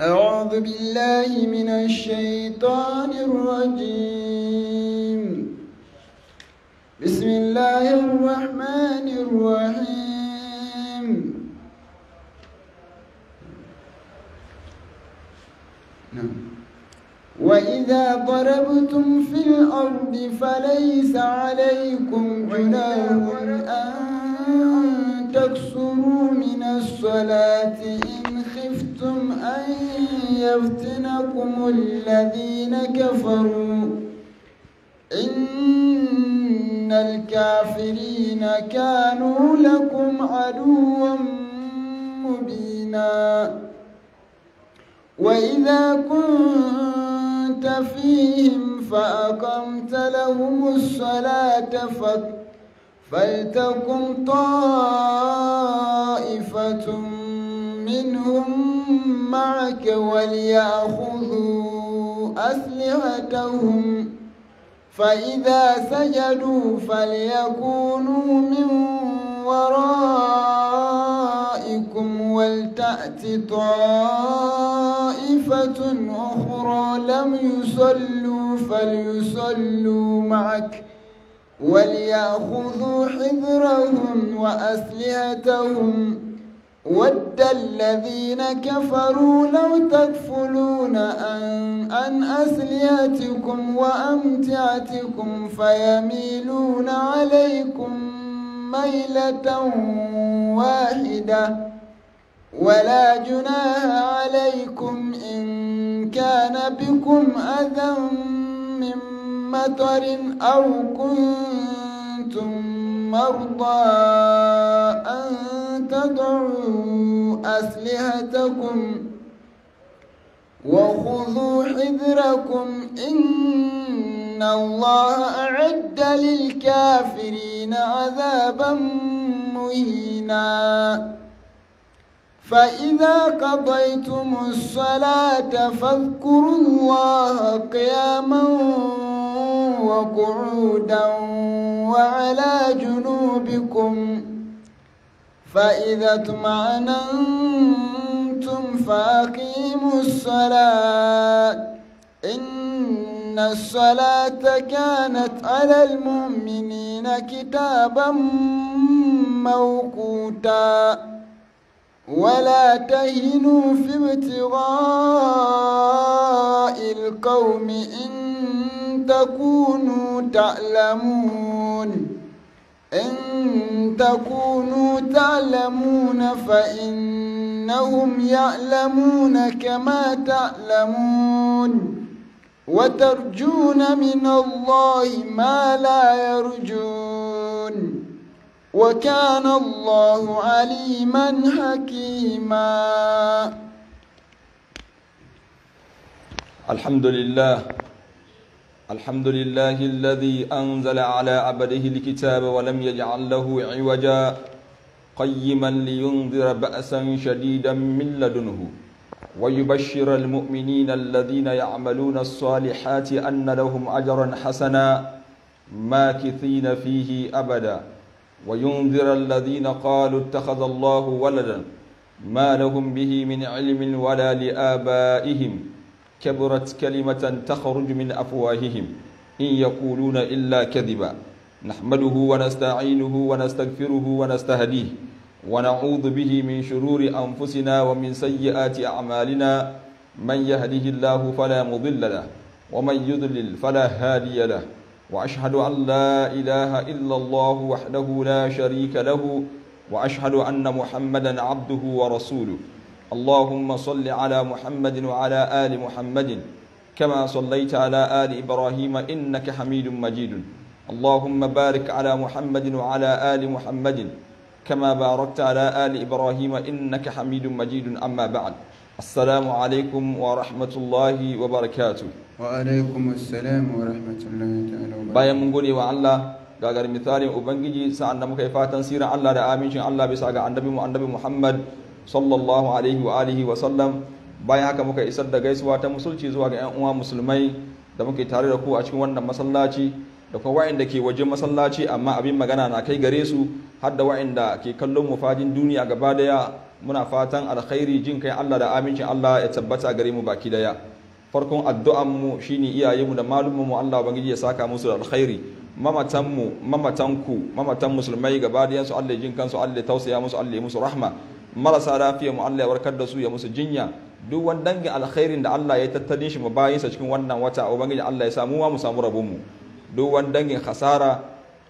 أعوذ بالله من الشيطان الرجيم بسم الله الرحمن الرحيم نعم وإذا ضربتم في الأرض فليس عليكم جناح أن تكسروا من الصلاة إن خفتم أن يفتنكم الذين كفروا إن الكافرين كانوا لكم عدوا مبينا وإذا كنت فيهم فأقمت لهم الصلاة فاتقوا فلتكن طائفة منهم معك وليأخذوا أسلحتهم فإذا سجدوا فليكونوا من ورائكم ولتأت طائفة أخرى لم يصلوا فليصلوا معك ۖ وليأخذوا حذرهم وأسلحتهم ود الذين كفروا لو تكفلون عن, أن أسلحتكم وأمتعتكم فيميلون عليكم ميلة واحدة ولا جناها عليكم إن كان بكم أذى من مطر أو كنتم مرضى أن تضعوا أسلحتكم وخذوا حذركم إن الله أعد للكافرين عذابا مهينا فإذا قضيتم الصلاة فاذكروا الله قياما وقعودا وعلى جنوبكم فإذا اطمأننتم فأقيموا الصلاة إن الصلاة كانت على المؤمنين كتابا موقوتا ولا تهنوا في ابتغاء القوم إن تكونوا تعلمون إن تكونوا تعلمون فإنهم يعلمون كما تعلمون وترجون من الله ما لا يرجون وكان الله عليما حكيما الحمد لله الحمد لله الذي أنزل على عبده الكتاب ولم يجعل له عوجا قيما لينذر بأسا شديدا من لدنه ويبشر المؤمنين الذين يعملون الصالحات أن لهم أجرا حسنا ماكثين فيه أبدا وينذر الذين قالوا اتخذ الله ولدا ما لهم به من علم ولا لآبائهم كبرت كلمة تخرج من أفواههم إن يقولون إلا كذبا نحمده ونستعينه ونستغفره ونستهديه ونعوذ به من شرور أنفسنا ومن سيئات أعمالنا من يهده الله فلا مضل له ومن يضلل فلا هادي له وأشهد أن لا إله إلا الله وحده لا شريك له وأشهد أن محمدا عبده ورسوله اللهم صل على محمد وعلى آل محمد كما صليت على آل إبراهيم إنك حميد مجيد اللهم بارك على محمد وعلى آل محمد كما باركت على آل إبراهيم إنك حميد مجيد أما بعد السلام عليكم ورحمة الله وبركاته وعليكم السلام ورحمة الله تعالى وبركاته بايا من قولي وعلا قاقر مثالي وبنجي سعنا مكيفاتا سيرا الله لآمين siran الله da عن نبي محمد sallallahu alaihi wa alihi wa sallam bayan haka muka isar da gaisuwa ta musulci zuwa ga 'yan uwa musulmai da muke tare da ku a cikin wannan masallaci da kuma wa'inda ke wajen masallaci amma abin magana na kai gare su har da wa'inda ke kallon mu fadin duniya gaba daya muna fatan alkhairi jin kai Allah da amincin Allah ya tabbata gare mu baki daya farkon addu'an mu shine iyayenmu da malumin mu Allah ubangiji ya saka musu da alkhairi mamatan mu mamatan ku mamatan musulmai gaba daya su Allah jin kansu Allah tausaya musu Allah musu rahma marasa lafiya mu Allah ya warkar da su ya musu jinya duk wani dangin alkhairin da Allah ya tattalin shi mabayinsa cikin wannan wata ubangiji Allah ya samu mu samu rabon mu duk wani dangin khasara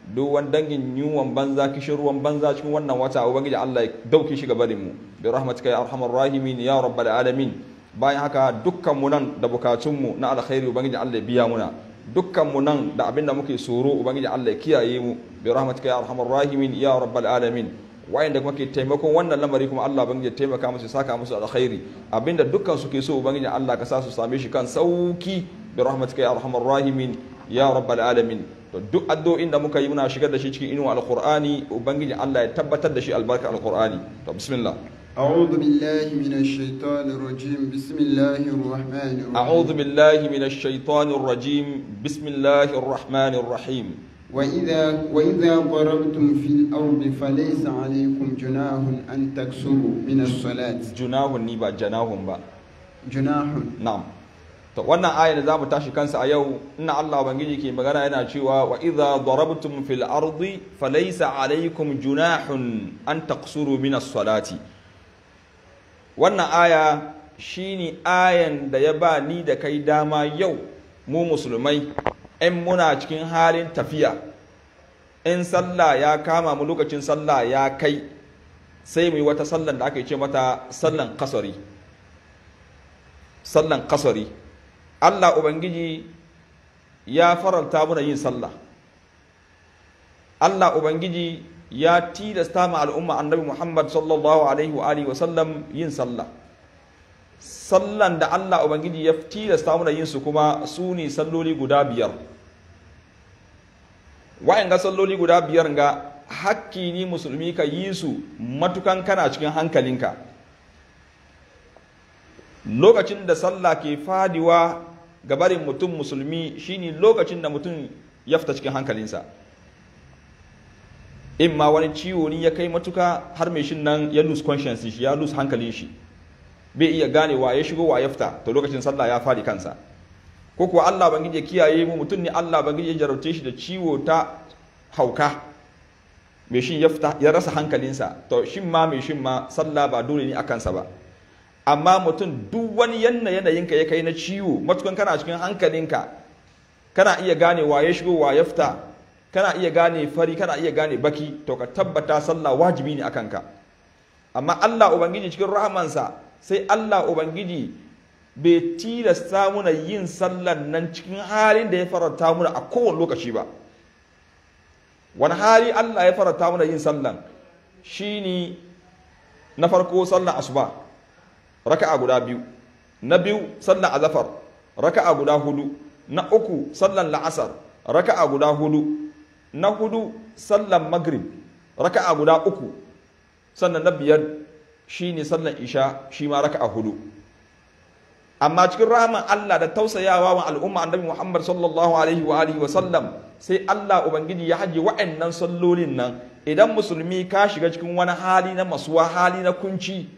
duk wani dangin yunwan banza kishin ruwan banza cikin wannan wata ubangiji Allah ya dauke shi gabarin mu bi rahmatika ya arhamar rahimin ya rabbal alamin bayan haka dukkan mu nan da bukatun mu na alkhairi ubangiji Allah ya biya muna dukkan mu nan da abinda muke tsoro ubangiji Allah ya kiyaye mu bi rahmatika ya arhamar rahimin ya rabbal alamin wayanda kuma ke taimakon wannan lamari kuma Allah ubangiji ya taimaka musu saka musu alkhairi abinda dukkan su ke so ubangiji Allah ka sa su same shi kan sauki bi rahmatika ya arhamar rahimin ya rabbal alamin to duk addu'o'in da muka yi muna shigar da shi cikin inuwa alqur'ani ubangiji Allah ya tabbatar da shi albarka alqur'ani to bismillah أعوذ بالله من الشيطان الرجيم بسم الله الرحمن الرحيم أعوذ بالله من الشيطان الرجيم بسم الله الرحمن الرحيم وإذا, ضربتم في الأرض فليس عليكم جناح أن تكسروا من الصلاة جناح نبا جناح با جناح نعم to wannan ayar da za mu tashi kansa a yau inna Allah ubangiji ke magana yana cewa wa idza darabtum fil ardi falaysa alaykum junahun an taqsuru min as-salati wannan aya shine ayan da ya ba ni da kai dama yau mu musulmai in muna cikin halin tafiya in sallah ya kama mu lokacin sallah ya kai sai mu yi wata sallan da aka yi ce mata sallan kasari sallan kasari Allah Ubangiji ya faranta muna yin sallah Allah Ubangiji ya tilasta ma al'umma annabi Muhammad sallallahu alaihi wa sallam yin sallah sallan da Allah ubangiji ya tilasta mana yin su kuma su ne salloli guda biyar wa'in ga salloli guda biyar ga hakki ni musulmi ka yi su matukan kana cikin hankalinka lokacin da sallah ke fadiwa ga barin mutum musulmi shine lokacin da mutum ya fita cikin hankalinsa in ma wani ciwo ne ya kai matuka har mai shi nan ya lose conscience shi ya lose hankalin shi bai iya gane wa ya shigo wa ya fita to lokacin sallah ya fadi kansa ko kuwa Allah bangiji ya kiyaye mu mutum ne Allah bangiji ya jarabce shi da ciwo ta hauka mai shin ya fita ya rasa hankalinsa to shin ma mai shin ma sallah ba dole ne a kansa ba amma mutum duk wani yanna ka ya kai na ciwo matukan kana cikin hankalinka kana iya gane wa ya shigo wa ya fita kana iya gane fari kana iya gane baki to ka tabbata sallah wajibi ne a ka amma Allah ubangiji cikin rahamansa sai Allah ubangiji bai tilasta muna yin sallan nan cikin halin da ya faranta muna a kowane lokaci ba wani hali Allah ya faranta muna yin sallan Shi ne na farko sallan asuba raka'a guda biyu na biyu sallan azafar raka'a guda hudu na uku sallan la'asar raka'a guda hudu na hudu sallan magrib raka'a guda uku sannan na biyar shi ne sallan isha shi ma raka a hudu amma cikin rahman Allah da tausayawa wa al'umma annabi Muhammad sallallahu alaihi wa alihi wa sallam sai Allah ubangiji ya haje wa'annan sallolin nan idan musulmi ka shiga cikin wani hali na masuwa hali na kunci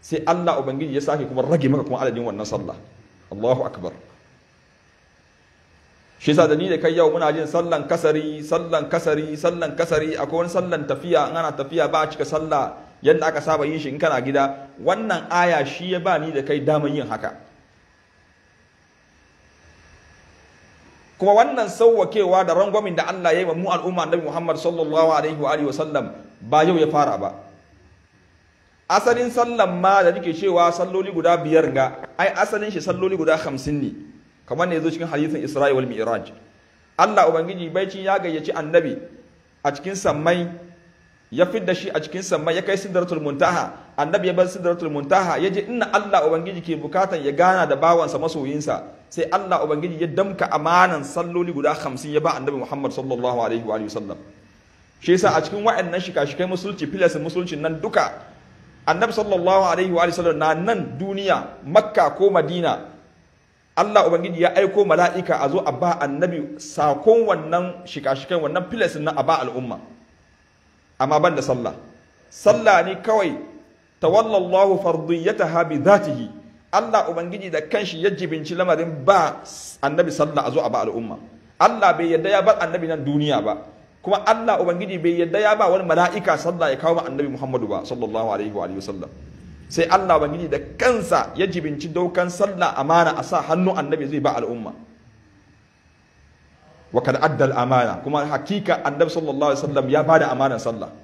sai Allah ubangiji ya sake kuma rage maka kuma adadin wannan sallah Allahu akbar shi yasa da ni da kai yau muna jin sallan kasari sallan kasari sallan kasari akwai wani sallan tafiya ana tafiya ba a cika sallah yadda aka saba yin shi in kana gida wannan aya shi ya ba ni da kai damar yin haka kuma wannan sauwakewa da rangwamin da Allah ya yi wa mu al'umma Nabi Muhammad sallallahu alaihi wa alihi wasallam ba yau ya fara ba asalin sallan ma da nake cewa salloli guda biyar ga ai asalin shi salloli guda hamsin ne kamar ne zo cikin hadisin Isra'i wal Mi'raj Allah ubangiji baicin ya gayyaci annabi a cikin sammai ya fidda shi a cikin sama ya kai sidratul muntaha annabi ya bar sidratul muntaha ya je inna Allah ubangiji ke bukatan ya gana da bawansa masoyinsa sai Allah ubangiji ya damka amanan salloli guda hamsin ya ba annabi Muhammad sallallahu alaihi wa sallam shi yasa a cikin wa'annan shika-shikai musulci filasin nan duka annabi sallallahu alaihi wa sallam na nan duniya makka ko madina Allah ubangiji ya aiko mala'ika a zo a ba annabi sakon wannan shika-shikan wannan filasin na a ba al'umma amma ban da sallah sallah ne kawai tawallallahu fardiyataha bi dhatihi Allah ubangiji da kanshi ya jibinci lamarin ba annabi sallah a zo a ba al'umma Allah bai yadda ya bar annabi nan duniya ba kuma Allah ubangiji bai yadda ya ba wani mala'ika sallah ya kawo annabi Muhammadu ba sallallahu alaihi wa sallam sai Allah ubangiji da kansa ya jibinci daukan sallah amana a sa hannu annabi zai ba al'umma wa kad addal amana kuma hakika annabi sallallahu alaihi wasallam ya bada amanan sallah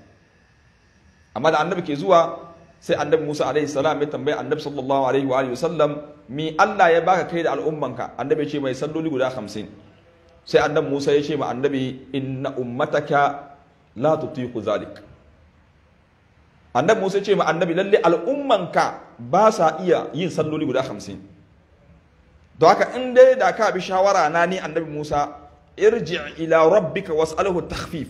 amma da annabi ke zuwa sai annabi Musa alaihi salam ya tambaye annabi sallallahu alaihi wa alihi wasallam mi Allah ya baka kai da al'ummanka annabi ya ce mai salloli guda 50 sai annabi Musa ya ce ma annabi inna ummataka la tutiqu zalik annabi Musa ya ce ma annabi lalle al'ummanka ba sa iya yin salloli guda 50 don haka in dai da ka bi shawara na ni annabi Musa irji ila rabbika was'alhu takhfif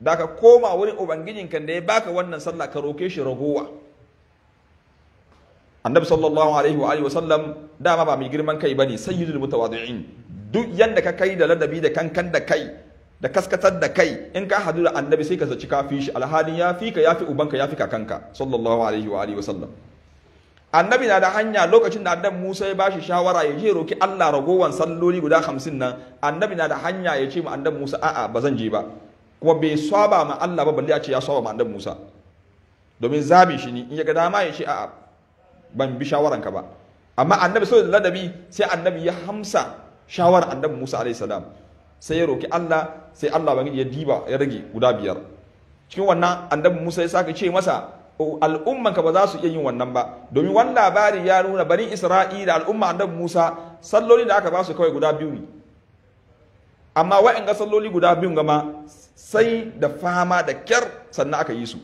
da ka koma wurin ubangijinka da ya baka wannan sallah ka roke shi ragowa annabi sallallahu alaihi wa alihi dama ba mai girman kai bane sayyidul mutawadi'in duk yanda ka kai da ladabi da kankan da kai da kaskatar da kai in ka hadu da annabi sai ka zaci kafi shi alhalin ya fi ka ya fi ubanka ya fi kakanka sallallahu alaihi wa alihi annabi na da hanya lokacin da annabi Musa ya bashi shawara ya je roki Allah ragowan salloli guda hamsin nan annabi na da hanya ya ce ma annabi Musa a'a ba zan je ba kuma bai saba ma Allah ba balle a ce ya saba ma annabi Musa domin zabi shi ne in ya ga dama ya ce a'a ban bi ka ba amma annabi saboda ladabi sai annabi ya hamsa shawarar annabi Musa alaihi salam sai ya roki Allah sai Allah ya diba ya rage guda biyar cikin wannan annabi Musa ya saka ce masa al'ummanka ba za su iya yin wannan ba domin wani labari ya nuna bani isra'ila al'umma annabi musa salloli da aka ba su kawai guda biyu ne amma ga salloli guda biyun gama sai da fama da kyar sannan aka yi su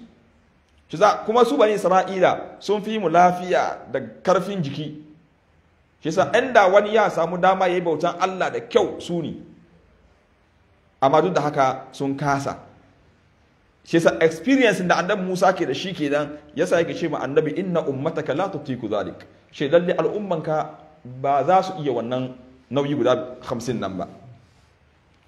kuma su bani isra'ila sun fi mu lafiya da karfin jiki shi sa inda wani ya samu dama ya yi bautan allah da kyau su ne amma duk da haka sun kasa shi yasa experience da annabi Musa ke da shi kenan yasa yake ce ma annabi inna ummataka la tutiku zalik shi lalle al'ummanka ba za su iya wannan nauyi guda 50 nan ba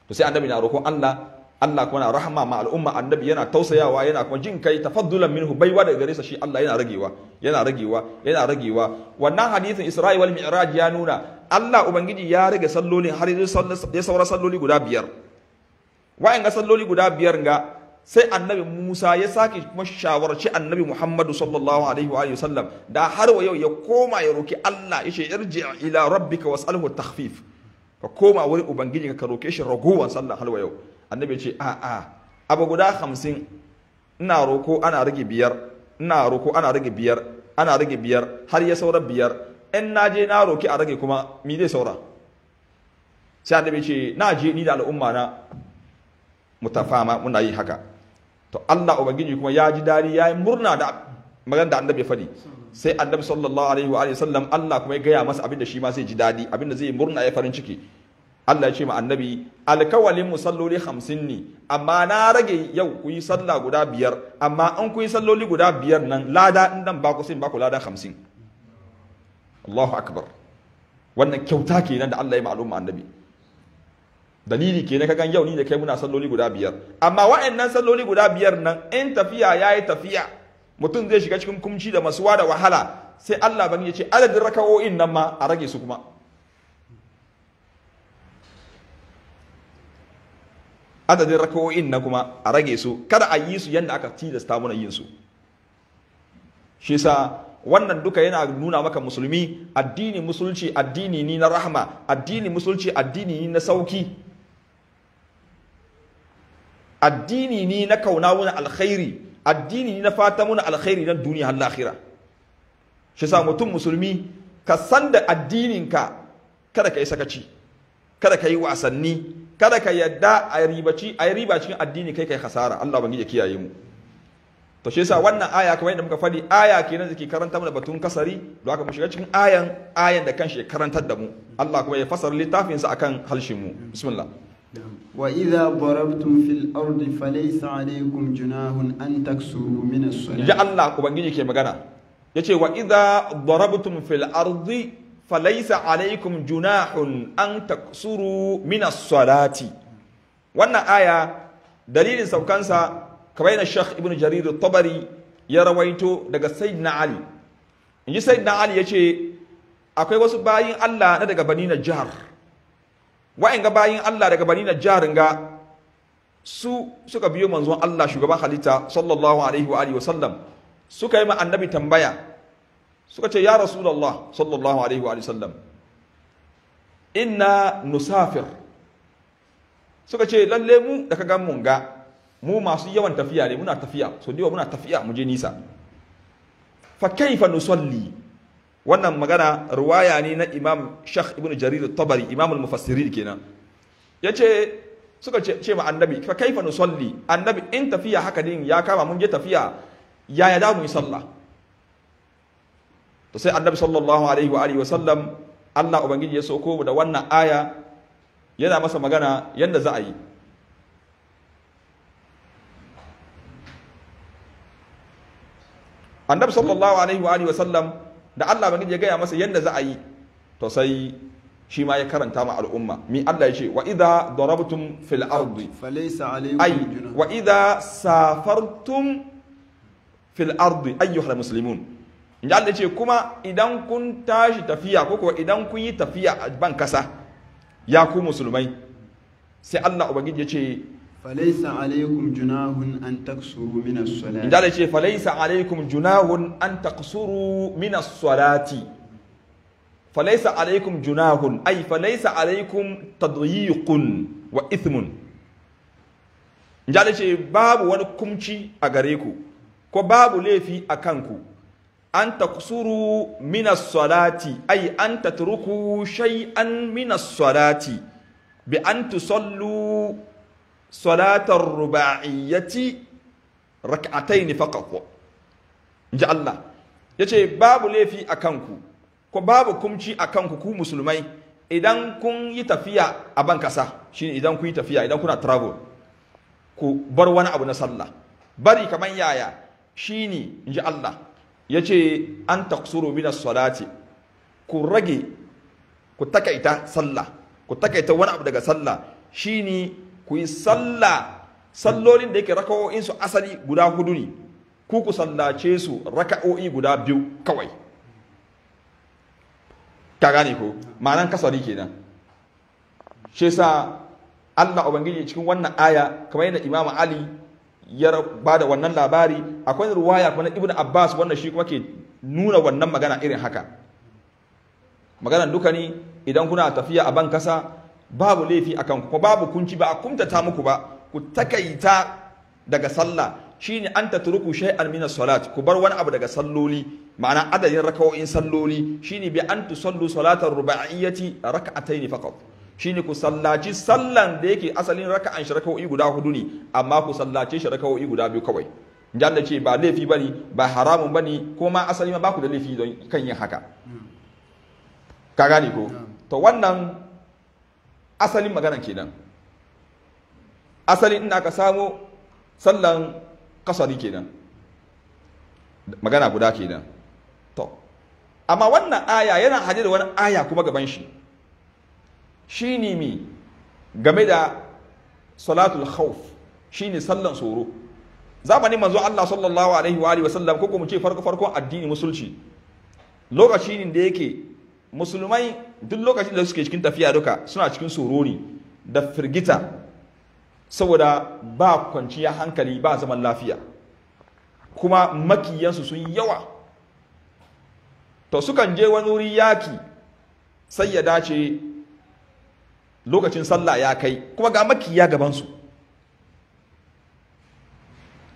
to sai annabi na roƙon Allah Allah kuma na rahama ma al'umma annabi yana tausayawa yana kuma jin kai tafaddulan minhu baiwa daga gare sa shi Allah yana ragewa yana ragewa yana ragewa wannan hadisin Isra'i wal Mi'raj ya nuna Allah ubangiji ya rage sallolin har ya saura salloli guda biyar wa'in ga salloli guda biyar ga sai annabi Musa ya sake kuma shawarci annabi Muhammadu sallallahu alaihi wa sallam da har wa yau ya koma ya roki Allah ya ce irji ila rabbika was'alhu takhfif ka koma wurin ubangiji ka roke shi ragowan sallah har wa yau annabi ya ce a a abu guda hamsin ina roko ana rage biyar ina roko ana rage biyar ana rage biyar har ya saura biyar in na je na roki a rage kuma mi zai saura sai annabi ya ce na je ni da al'umma na mutafama muna yi haka to Allah ubangiji kuma ya ji dadi ya yi murna da magana da annabi ya faɗi sai annabi sallallahu alaihi wa sallam Allah kuma ya gaya masa abinda shi ma zai ji dadi abinda zai murna ya farin ciki Allah ya ce ma annabi alkawalin mu salloli hamsin ne amma na rage yau ku yi sallah guda biyar amma an ku yi salloli guda biyar nan lada in dan baku sai baku lada hamsin Allahu akbar wannan kyauta kenan da Allah ya ma'aluma annabi dalili ke na kagan yau ni da kai muna salloli guda biyar amma wa'annan salloli guda biyar nan in tafiya ya yi tafiya mutum zai shiga cikin kumci da masuwa da wahala sai Allah bani ya ce adadin raka'o'in nan ma a rage su kuma adadin raka'o'in nan kuma a rage su kada a yi su yadda aka tilasta mana yin su shi sa wannan duka yana nuna maka musulmi addini musulci addini ni na rahama addini musulci addini ni na sauki addini ni na kauna wani alkhairi addini ni na fata muna alkhairi na duniya har lahira shi sa mutum musulmi ka san da addininka kada ka yi sakaci kada ka yi wasanni kada ka yadda a riba cikin addini kai kai hasara Allah ubangiji ya kiyaye mu to shi yasa wannan aya kamar yadda muka faɗi aya kenan da ke karanta mana batun kasari don haka mu shiga cikin ayan ayan da kanshi ya karantar da mu Allah kuma ya fasara littafinsa akan halshin mu bismillah wa idha barabtun fil ardi falleysa alekum juna hun an taksuru minas alaati. in ji allah kuma gini ke magana. yace wa idha barabtun fil ardi falleysa alekum juna hun an taksuru minas alaati. wanda aya dalilin saukansa kabeen a shak ibnu Jarir to bari ya rawaito daga said Ali. in ji said Ali yace akwai wasu bayin Allah na daga bani na jihar. wa'anga bayin Allah daga bani Najjarin ga su suka biyo manzon Allah shugaban halitta sallallahu alaihi wa alihi wa sallam suka yi ma annabi tambaya suka ce ya rasulullah sallallahu alaihi wa alihi sallam inna nusafir suka ce lalle mu da ka gan mun ga mu masu yawan tafiya ne muna tafiya so diwa muna tafiya mu je nisa fa kaifa nusalli wannan magana ruwaya ne na imam shakh ibn jarir tabari imam al-mufassirin kenan ce, suka ce ma annabi fa kaifa nusalli annabi in tafiya haka din ya kama mun je tafiya ya da mu yi sallah to sai annabi sallallahu alaihi wa alihi wa sallam Allah ubangiji ya sauko da wannan aya yana masa magana yadda za a yi annabi sallallahu alaihi wa alihi wa sallam da Allah bangiji ya gaya masa yadda za a yi to sai shi ma ya karanta ma al'umma mi Allah ya ce wa idza darabtum fil ardi falaysa alaykum ay wa idza safartum fil ardi ayyuhal muslimun inda Allah ya ce kuma idan kun tashi tafiya ko kuwa idan kun yi tafiya a ban kasa ya ku musulmai sai Allah ubangiji ya ce falaisa alaikum junahun an taksuru ce falaisa alaikum junahun an taksuru min salati falaisa alaikum junahun ay falaisa alaikum tadyiqun wa ithmun inda ce babu wani kumci a gare ku ko babu laifi a ku an taksuru mina salati ay an tatruku shay'an min as-salati an salatar ruba'iyyati rak'atayn faqat inji Allah yace babu laifi a kanku ko babu kumci a kanku ku musulmai idan kun yi tafiya a ban kasa shine idan kun yi tafiya idan kuna travel ku bar wani abu na sallah bari kaman yaya shine inji Allah yace an taqsuru min as-salati ku rage ku takaita sallah ku takaita wani abu daga sallah shine ku yi sallah sallolin da yake raka'o'in su asali guda hudu ne ku ku sallace su raka'o'i guda biyu kawai ka gane ko ma'anan kasari kenan shi sa Allah ubangiji cikin wannan aya kamar yadda Imam Ali ya ba da wannan labari akwai ruwaya kuma na Ibn Abbas wannan shi kuma ke nuna wannan magana irin haka maganan duka ne idan kuna tafiya a ban kasa babu laifi akan ku babu kunci ba a kumtata muku ba ku takaita daga sallah shine an tatruku shay'an min salat ku bar wani abu daga salloli ma'ana adadin raka'o'in salloli shine bi an tusallu salatar ruba'iyyati raka'ataini faqat shine ku sallaci sallan da yake asalin raka'an shi raka'o'i guda hudu ne amma ku sallace shi raka'o'i guda biyu kawai da ce ba laifi bane ba haramun bane ko ma asali ma ba ku da laifi don kan yin haka hmm. ka gane ko hmm. to wannan asalin magana kenan asalin ina ka samu sallan kasari kenan magana guda kenan to amma wannan aya yana hade da wani aya kuma gaban shi shi ne mi game da salatul khawf shi ne sallan tsoro zamanin manzo Allah sallallahu alaihi wa sallam wasallam ko kuma ce farko farkon addini musulci lokaci ne da yake musulmai duk lokacin da suke cikin tafiya duka suna cikin tsoroni da firgita saboda ba kwanciya hankali ba zaman lafiya kuma makiyansu sun yawa to sukan je wani wuri yaki sai ya dace lokacin sallah ya kai kuma ga makiya gabansu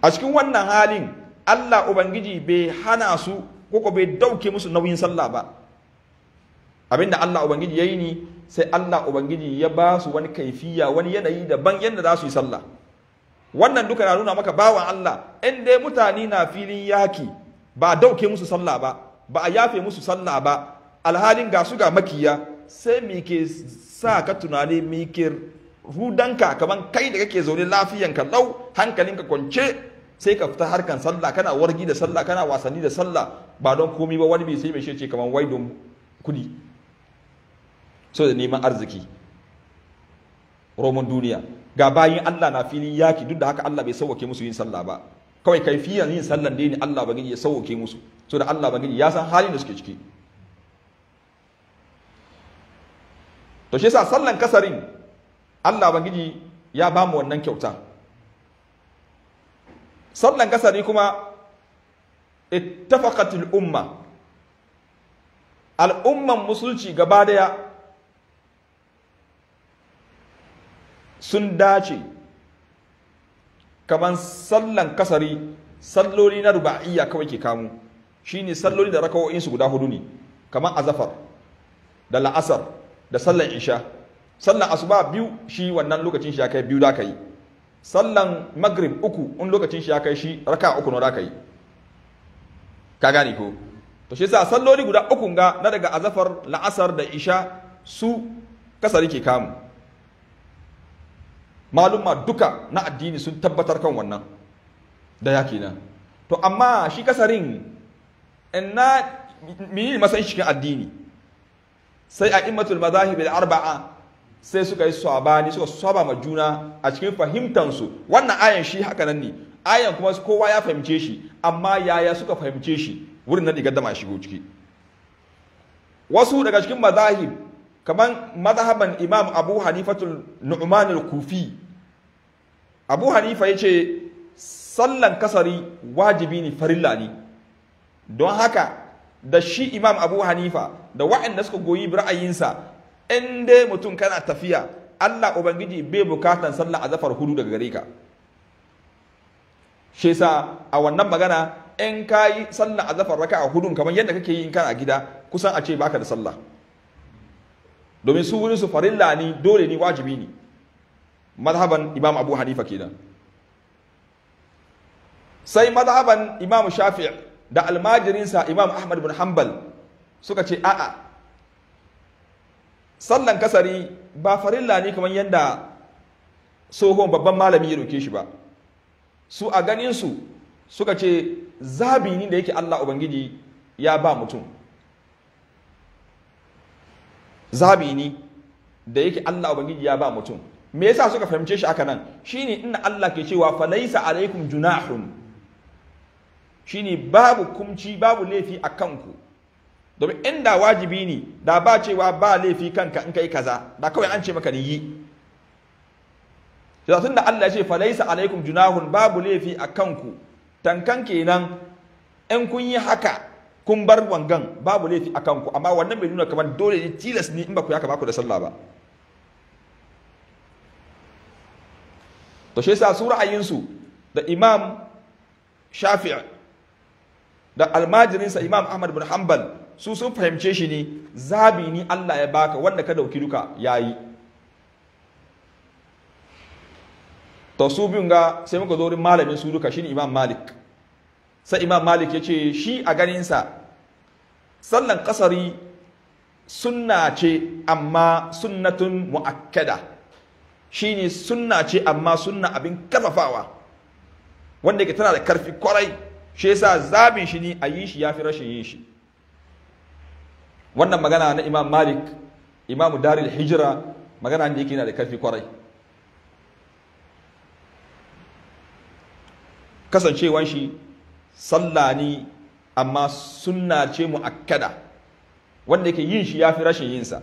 a cikin wannan halin allah ubangiji bai hana su koko bai dauke musu nauyin sallah ba abinda Allah ubangiji yi ni sai Allah ubangiji ya ba su wani kaifiya wani yanayi daban yadda za su yi sallah wannan duka na nuna maka bawan Allah in dai mutane na filin yaki ba a dauke musu sallah ba ba a yafe musu sallah ba alhalin ga su ga makiya sai me ke sa ka tunani me ke rudanka kaman kai da kake zaune lafiyanka lau hankalinka kwance sai ka fita harkan sallah kana wargi da sallah kana wasanni da sallah ba don komi ba wani bai sai mai ce kaman wai don kudi so da neman arziki roman duniya ga bayan Allah na filin yaki duk da haka Allah bai sauwake musu yin sallah ba kawai kaifiyan yin sallan dai ne Allah bagiji ya sauwake musu so da Allah bagiji ya san halin da suke ciki to shi yasa sallan kasarin Allah bagiji ya ba mu wannan kyauta sallan kasari kuma ittafaqatil umma al'umman musulci gaba daya sun dace kamar sallan kasari salloli na ruba'iyya kawai ke kamu shine salloli da su guda hudu ne kamar azafar da la'asar da sallan isha sallan asuba biyu shi wannan lokacin shi ya kai biyu da ka yi sallan maghrib uku in lokacin shi ya kai shi raka uku na da ka yi ka gane ko to shi yasa salloli guda uku ga na daga azafar la'asar da isha su kasari ke kamu maluma duka na addini sun tabbatar kan wannan da ya kenan to amma shi kasarin na mini masan cikin addini sai a imatul mazahib arba'a sai suka yi sabani suka saba ma juna a cikin fahimtansu wannan ayan shi haka nan ne ayan kuma kowa ya fahimce shi amma yaya suka fahimce shi wurin nan diga da ma shigo ciki wasu daga cikin mazahib kamar mazhaban imam abu hanifatul nu'man kufi abu hanifa ya ce sallan kasari wajibi ne farilla ne don haka da shi imam abu hanifa da waɗanda suka goyi ra'ayinsa in dai mutum kana tafiya allah ubangiji bai bukatan sallan zafar hudu daga gare ka shi sa a wannan magana in ka yi sallan azafar raka a hudun kamar yadda kake yi in kana gida kusan a ce baka da sallah domin su wurin su farilla ne dole ne wajibi ne madhaban imam abu hanifa kenan sai madhaban imam shafi' da almajirinsa imam ahmad bin hanbal suka ce a'a sallan kasari ba farilla ne kamar yadda tsohon babban malami ya roke shi ba su a ganinsu suka ce zabi ne da yake allah ubangiji ya ba mutum zabi ne da yake allah ubangiji ya ba mutum me yasa suka fahimce shi aka nan shine inna Allah ke cewa falaisa alaikum junahun shine babu kumci babu laifi a kanku domin inda wajibi ne da ba cewa ba laifi kanka in kai kaza da kawai an ce maka ni yi sai tunda Allah ya ce falaisa alaikum junahun babu laifi a kanku tankan kenan in kun yi haka kun bar wangan babu laifi a kanku amma wannan bai nuna kamar dole ne tilas ne in ba ku yaka ba ku da sallah ba to shi sa su ra'ayinsu da imam shafi'a da almajirinsa imam ahmad bin hanbal su sun fahimce shi ne zabi ni allah ya baka wanda ka dauki duka yayi to su biyun ga sai muka zo wurin malamin su duka shine imam malik sai imam malik ya ce shi a ganinsa sallan kasari sunna ce amma sunnatun mu'akkada ne sunna ce amma sunna abin karfafawa wanda ke tana da karfi kwarai shi yasa zabin shi ne a yi shi ya fi rashin yin shi wannan magana na Imam Malik Imam Daril Hijira magana ne yake yana da karfi kwarai kasancewan shi sallah ne amma sunna ce muakkada wanda yake yin shi ya fi rashin yinsa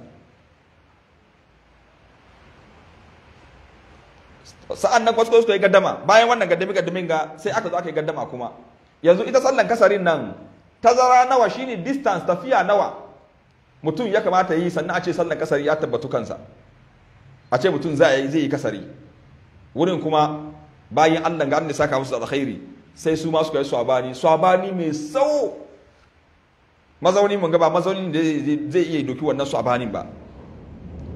sa'an nan kwasko suka yi gaddama bayan wannan gaddami gaddamin ga sai aka zo aka yi gaddama kuma yanzu ita sallan kasarin nan tazara nawa ne distance tafiya nawa mutum ya kamata yi sannan a ce sallan kasari ya tabbatu kansa a ce mutum zai yi kasari wurin kuma bayan Allah ga da saka musu alkhairi sai su ma kai swabani swabani mai sau mazauni mun ga ba mazauni da zai iya doki wannan swabanin ba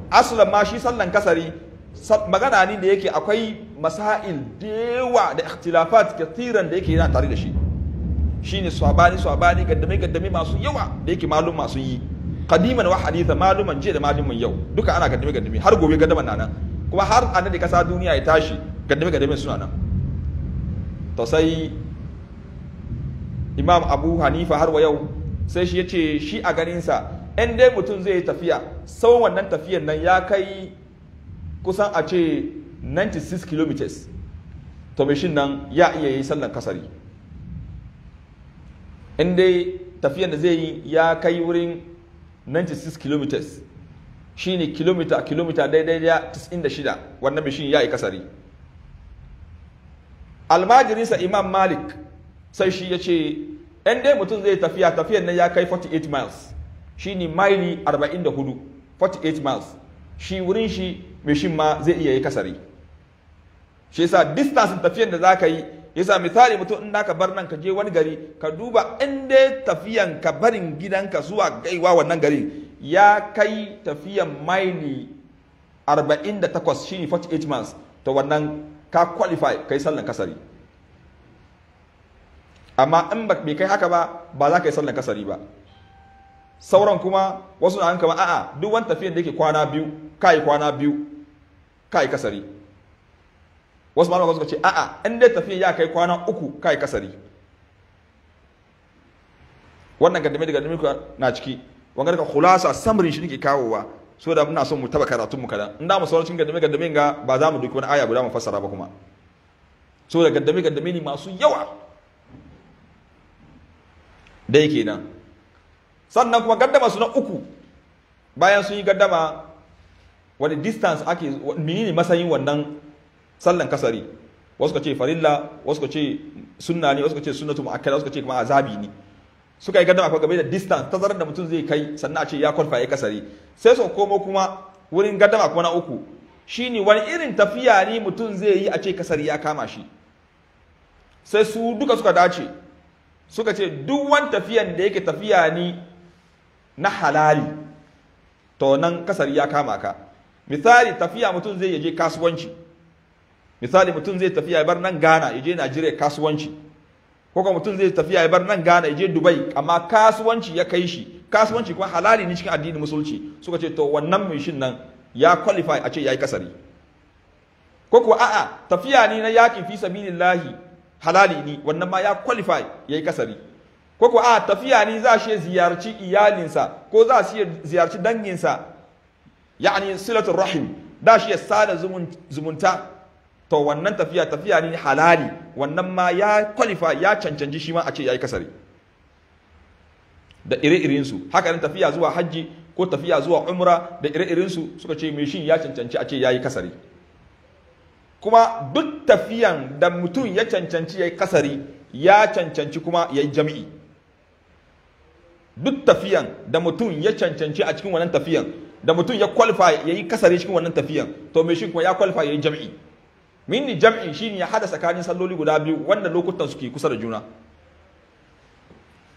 aslan ma shi sallan kasari magana ne da yake akwai masail da yawa da ikhtilafat kathiran da yake yana tare da shi shine sabani sabani gaddame gaddame masu yawa da yake malum masu yi qadiman wa haditha maluman je da maluman yau duka ana gaddame gaddame har gobe gaddaman nan kuma har an da kasa duniya ya tashi gaddame gaddame suna nan to sai imam abu hanifa har wa yau sai shi yace shi a ganin sa in dai mutum zai tafiya sau wannan tafiyan nan ya kai kusan a ce 96 km to mashin nan ya iya yi sallan kasari inda tafiyan da zai yi ya kai wurin 96 km shi ne kilomita kilomita daidai da 96 wannan mashin ya yi kasari almajirinsa imam malik sai shi ya ce inda dai mutum zai tafiya tafiyan nan ya kai 48 miles shi ne maili 44 48 miles shi wurin shi Mashin ma zai iya yi kasari shi yasa distance tafiyan da za ka yi yasa misali mutum in naka bar nan ka je wani gari ka duba in tafiyan ka barin gidanka zuwa gaiwa wannan gari ya kai tafiyan maili 48 shine 48 miles to wannan ka qualify kai sallan kasari amma in ba bai kai haka ba ba za ka yi sallan kasari ba sauran kuma wasu na hankama a'a duk wani tafiyan da yake kwana biyu ka yi kwana biyu kai kasari wasu malama suka ce a'a inda dai tafiya ya kai kwana uku kai kasari wannan gaddame da gaddame na ciki wanga ka khulasa samrin shi nake kawowa so da muna son mu taba karatun mu kadan in da mu sauran cikin gadame ga ba za mu duki wani aya guda mu fassara ba kuma so da gadame-gadame ne masu yawa dai kenan sannan kuma gaddama su na uku bayan sun yi gaddama wani distance ake menene masayin wannan sallan kasari wasu ka ce farilla wasu ka ce sunna ne wasu ka ce sunnatu mu'akkada wasu ka ce kuma azabi ne suka yi gaddama akwai game da distance zarar da mutum zai kai sannan a ce ya kwalfa ya kasari sai su komo kuma wurin gaddama kuma na uku shine wani irin tafiya ne mutum zai yi a ce kasari ya kama shi sai su duka suka dace suka ce duk wani tafiyan da yake tafiya ne na halali to nan kasari ya kama ka misali tafiya mutum zai je kasuwanci misali mutum zai tafiya ya bar nan Ghana ya je Najeriya kasuwanci ko kuma mutum zai tafiya ya bar nan Ghana ya je Dubai amma kasuwanci ya kai shi kasuwanci kuma halali ne cikin addinin musulci suka ce to wannan mishin nan ya qualify a ce yayi kasari ko kuwa a'a tafiya ne na yaƙi fi sabilillahi halali ne wannan ma ya qualify yayi kasari ko kuwa a'a tafiya ne za shi ziyarci iyalinsa ko za shi ziyarci danginsa ya'ani silatul rahim da shi ya da zumunta to wannan tafiya tafiya ne halali wannan ma ya kwalifa ya cancanci shi ma a ce yi kasari da ire-irensu haka nan tafiya zuwa hajji ko tafiya zuwa umra da ire-irensu suka ce mai shi ya cancanci a ce ya yi kasari kuma duk tafiyan da mutum ya cancanci ya yi kasari ya cancanci kuma ya yi jami'i duk tafiyan da mutum ya cancanci a cikin wannan tafiyan da mutum ya kwalifa ya yayi kasare cikin wannan tafiyan to me shi kuma ya ya yi jam'i ni jam'i shine ya hada tsakanin salloli guda biyu wanda lokutan suke kusa da juna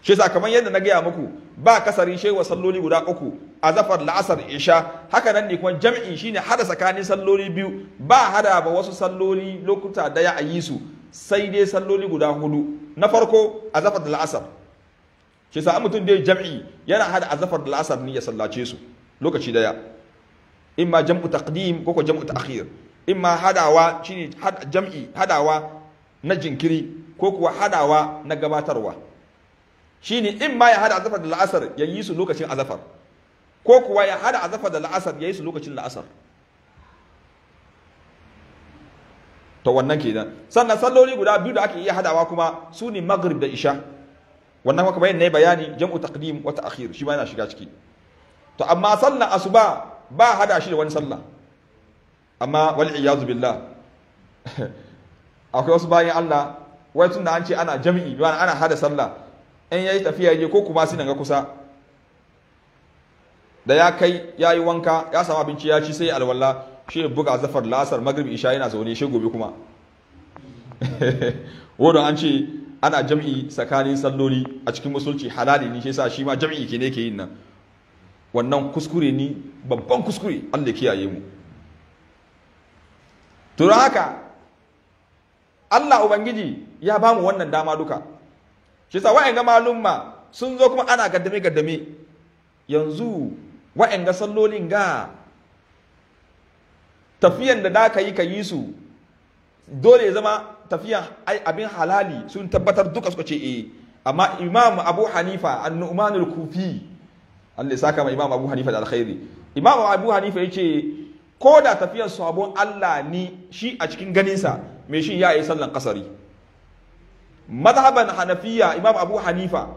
shi yasa kamar yadda na gaya muku ba kasari shi wa salloli guda uku azafar la'asar isha haka nan ne kuma jam'i ne hada tsakanin salloli biyu ba hada ba wasu salloli lokuta daya a yi su sai dai salloli guda hudu na farko azafar da la'asar shi yasa mutum dai jam'i yana hada azafar da la'asar ni ya sallace su lokaci daya imma jam'u taqdim ko ko jam'u ta'khir imma hadawa shine jam'i hadawa na jinkiri ko kuwa hadawa na gabatarwa shine imma ya hada azafar da la'asar ya yi su lokacin azafar ko kuwa ya hada azafar da la'asar ya yi su lokacin la'asar to wannan kenan sannan salloli guda biyu da ake iya hadawa kuma su ne maghrib da isha wannan kuma bayan ne bayani jam'u taqdim wa ta'khir shi ma yana shiga ciki to amma sallar asuba ba hada shi da wani sallah amma wal iyazu billah akwai wasu bayan Allah wai tunda an ce ana jami'i bayan ana hada sallah in yayi tafiya je ko kuma sinan ga kusa da ya kai ya yi wanka ya samu abinci ya ci sai alwala shi buga zafar lasar magribi isha yana zaune shi gobe kuma wadon an ce ana jami'i tsakanin salloli a cikin musulci halali ne shi sa shi ma jami'i ke ne ke yin nan wannan kuskure ni babban kuskure Allah kiyaye mu to haka Allah ubangiji ya ba mu wannan dama duka shi sa wa'anga malumma sun zo kuma ana gaddame gaddame yanzu wa'anga sallolin ga tafiyan da daka yi ka yi su dole ya zama tafiyan abin halali sun tabbatar duka suka ce eh amma imam abu hanifa an-nu'manul kufi Allah ya saka ma Imam Abu Hanifa da alkhairi Imam Abu Hanifa yace ko da tafiyar sabon Allah ni shi a cikin ganinsa me shi ya yi sallan kasari madhaban hanafiya Imam Abu Hanifa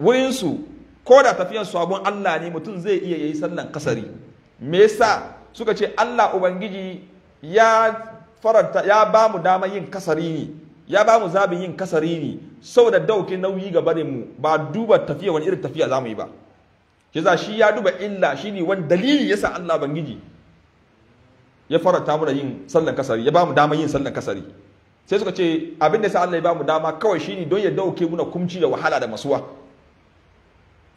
wurinsu ko da tafiyar sabon Allah ne mutum zai iya yi sallan kasari me yasa suka ce Allah ubangiji ya faranta ya ba mu damar yin kasari ne ya ba mu zabin yin kasari ne saboda dauke nauyi ga barin mu ba duba tafiya wani irin tafiya zamu yi ba shi za shi ya duba illa shi ne wani dalili yasa Allah bangiji ya farata mu da yin sallan kasari ya ba mu dama yin sallan kasari sai suka ce abin da yasa Allah ya ba mu dama kawai shi ne don ya dauke muna kumci da wahala da masuwa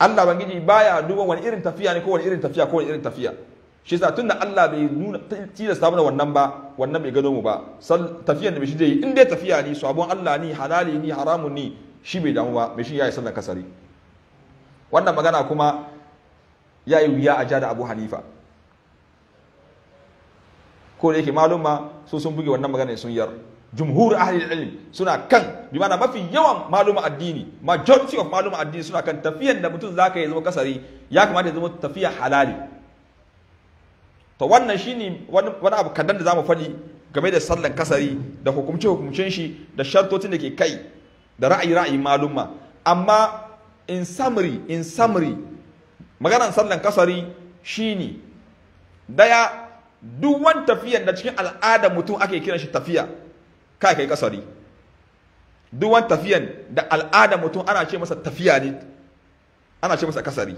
Allah bangiji baya duba wani irin tafiya ne ko wani irin tafiya ko wani irin tafiya shi yasa tunda Allah bai nuna tilasta mana wannan ba wannan bai gano mu ba tafiyan da mai shi zai yi in dai tafiya ne sabon Allah ne halali ne haramun ne shi bai damu ba mai shi ya yi sallar kasari wannan magana kuma ya yi wuya a ja da Abu Hanifa ko da yake maluma su sun buge wannan magana sun yar jumhur ahli ilm suna kan bi mana mafi yawan maluma addini majority of maluma addini suna kan tafiyan da mutum zaka yi zama kasari ya kamata ya zama tafiya halali to wannan ne wani abu kadan da za mu faɗi game da sallan kasari da hukumce hukumcen shi da shartocin da ke kai da ra'ayi ra'ayi malumma amma in summary in summary maganar sallan kasari shine daya duk wani tafiyan da cikin al'ada mutum ake kiran shi tafiya kai kai kasari duk wani tafiyan da al'ada mutum ana ce masa tafiya ne ana ce masa kasari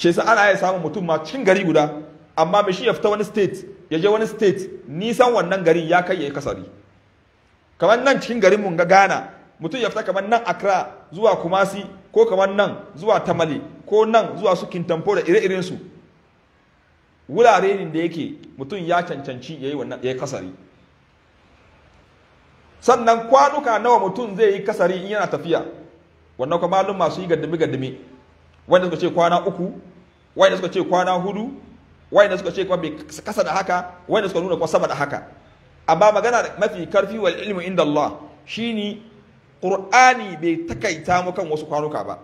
shi yasa ana iya samun mutum ma cikin gari guda amma mai shi ya fita wani state ya je wani state nisan wannan garin ya kai ya yi kasari kamar nan cikin garin mun ga Ghana mutum ya fita kamar nan Accra zuwa Kumasi ko kamar nan zuwa Tamale ko nan zuwa su Kintampo da ire-iren su wurare ne da yake mutum ya cancanci yayi wannan yayi kasari sannan kwanuka nawa mutum zai yi kasari in yana tafiya wannan kuma malum masu yi gaddami gaddami wanda suka ce kwana uku wanda suka ce kwana hudu wayanda suka ce kuma bai kasa da haka wayanda suka nuna kuma sama da haka amma magana mafi karfi wal ilmu inda Allah shine Qur'ani bai takaita mu kan wasu kwanuka ba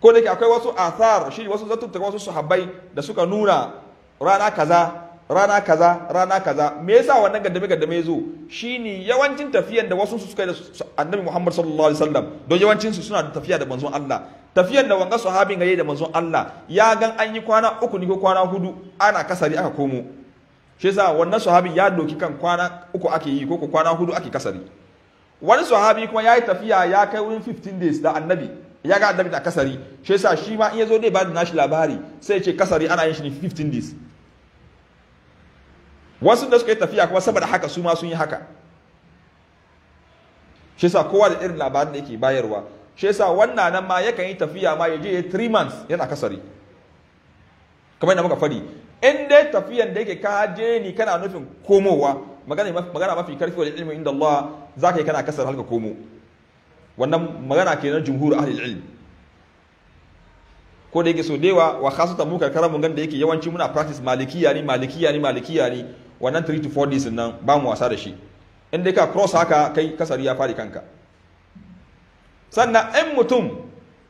ko da akwai wasu athar shi wasu zattuttuka wasu sahabbai da suka nuna rana kaza rana kaza rana kaza me yasa wannan gaddame gaddame ya zo shine yawancin tafiyan da wasu suka yi da annabi Muhammad sallallahu alaihi wasallam don yawancin su suna tafiya da manzon Allah tafiyar da wanga sahabin ga da manzon Allah ya gan an yi kwana uku ne ko kwana hudu ana kasari aka komo shi yasa wannan sahabin ya doki kan kwana uku ake yi ko kwana hudu ake kasari wani sahabi kuma ya yi tafiya ya kai wurin 15 days da annabi ya ga annabi da kasari shi yasa shi ma in ya zo dai ba da nashi labari sai ya ce kasari ana yin shi ne 15 days wasu da suka yi tafiya kuma saboda haka su ma sun yi haka shi yasa kowa da irin labarin da yake bayarwa shi yasa wannan nan ma yakan yi tafiya ma ya je 3 months yana kasari kamar yadda muka fadi in dai tafiyan da yake ka je ni kana nufin komowa magana mafi karfi wa ilmi inda Allah zaka yi kana kasar halka komo wannan magana kenan jumhur ahli ilm ko da yake so dewa wa ta mu karamu gan da yake yawanci muna practice malikiya ni malikiya ni malikiya ni wannan 3 to 4 days nan ba mu wasa da shi in dai ka cross haka kai kasari ya fari kanka sannan ɗan mutum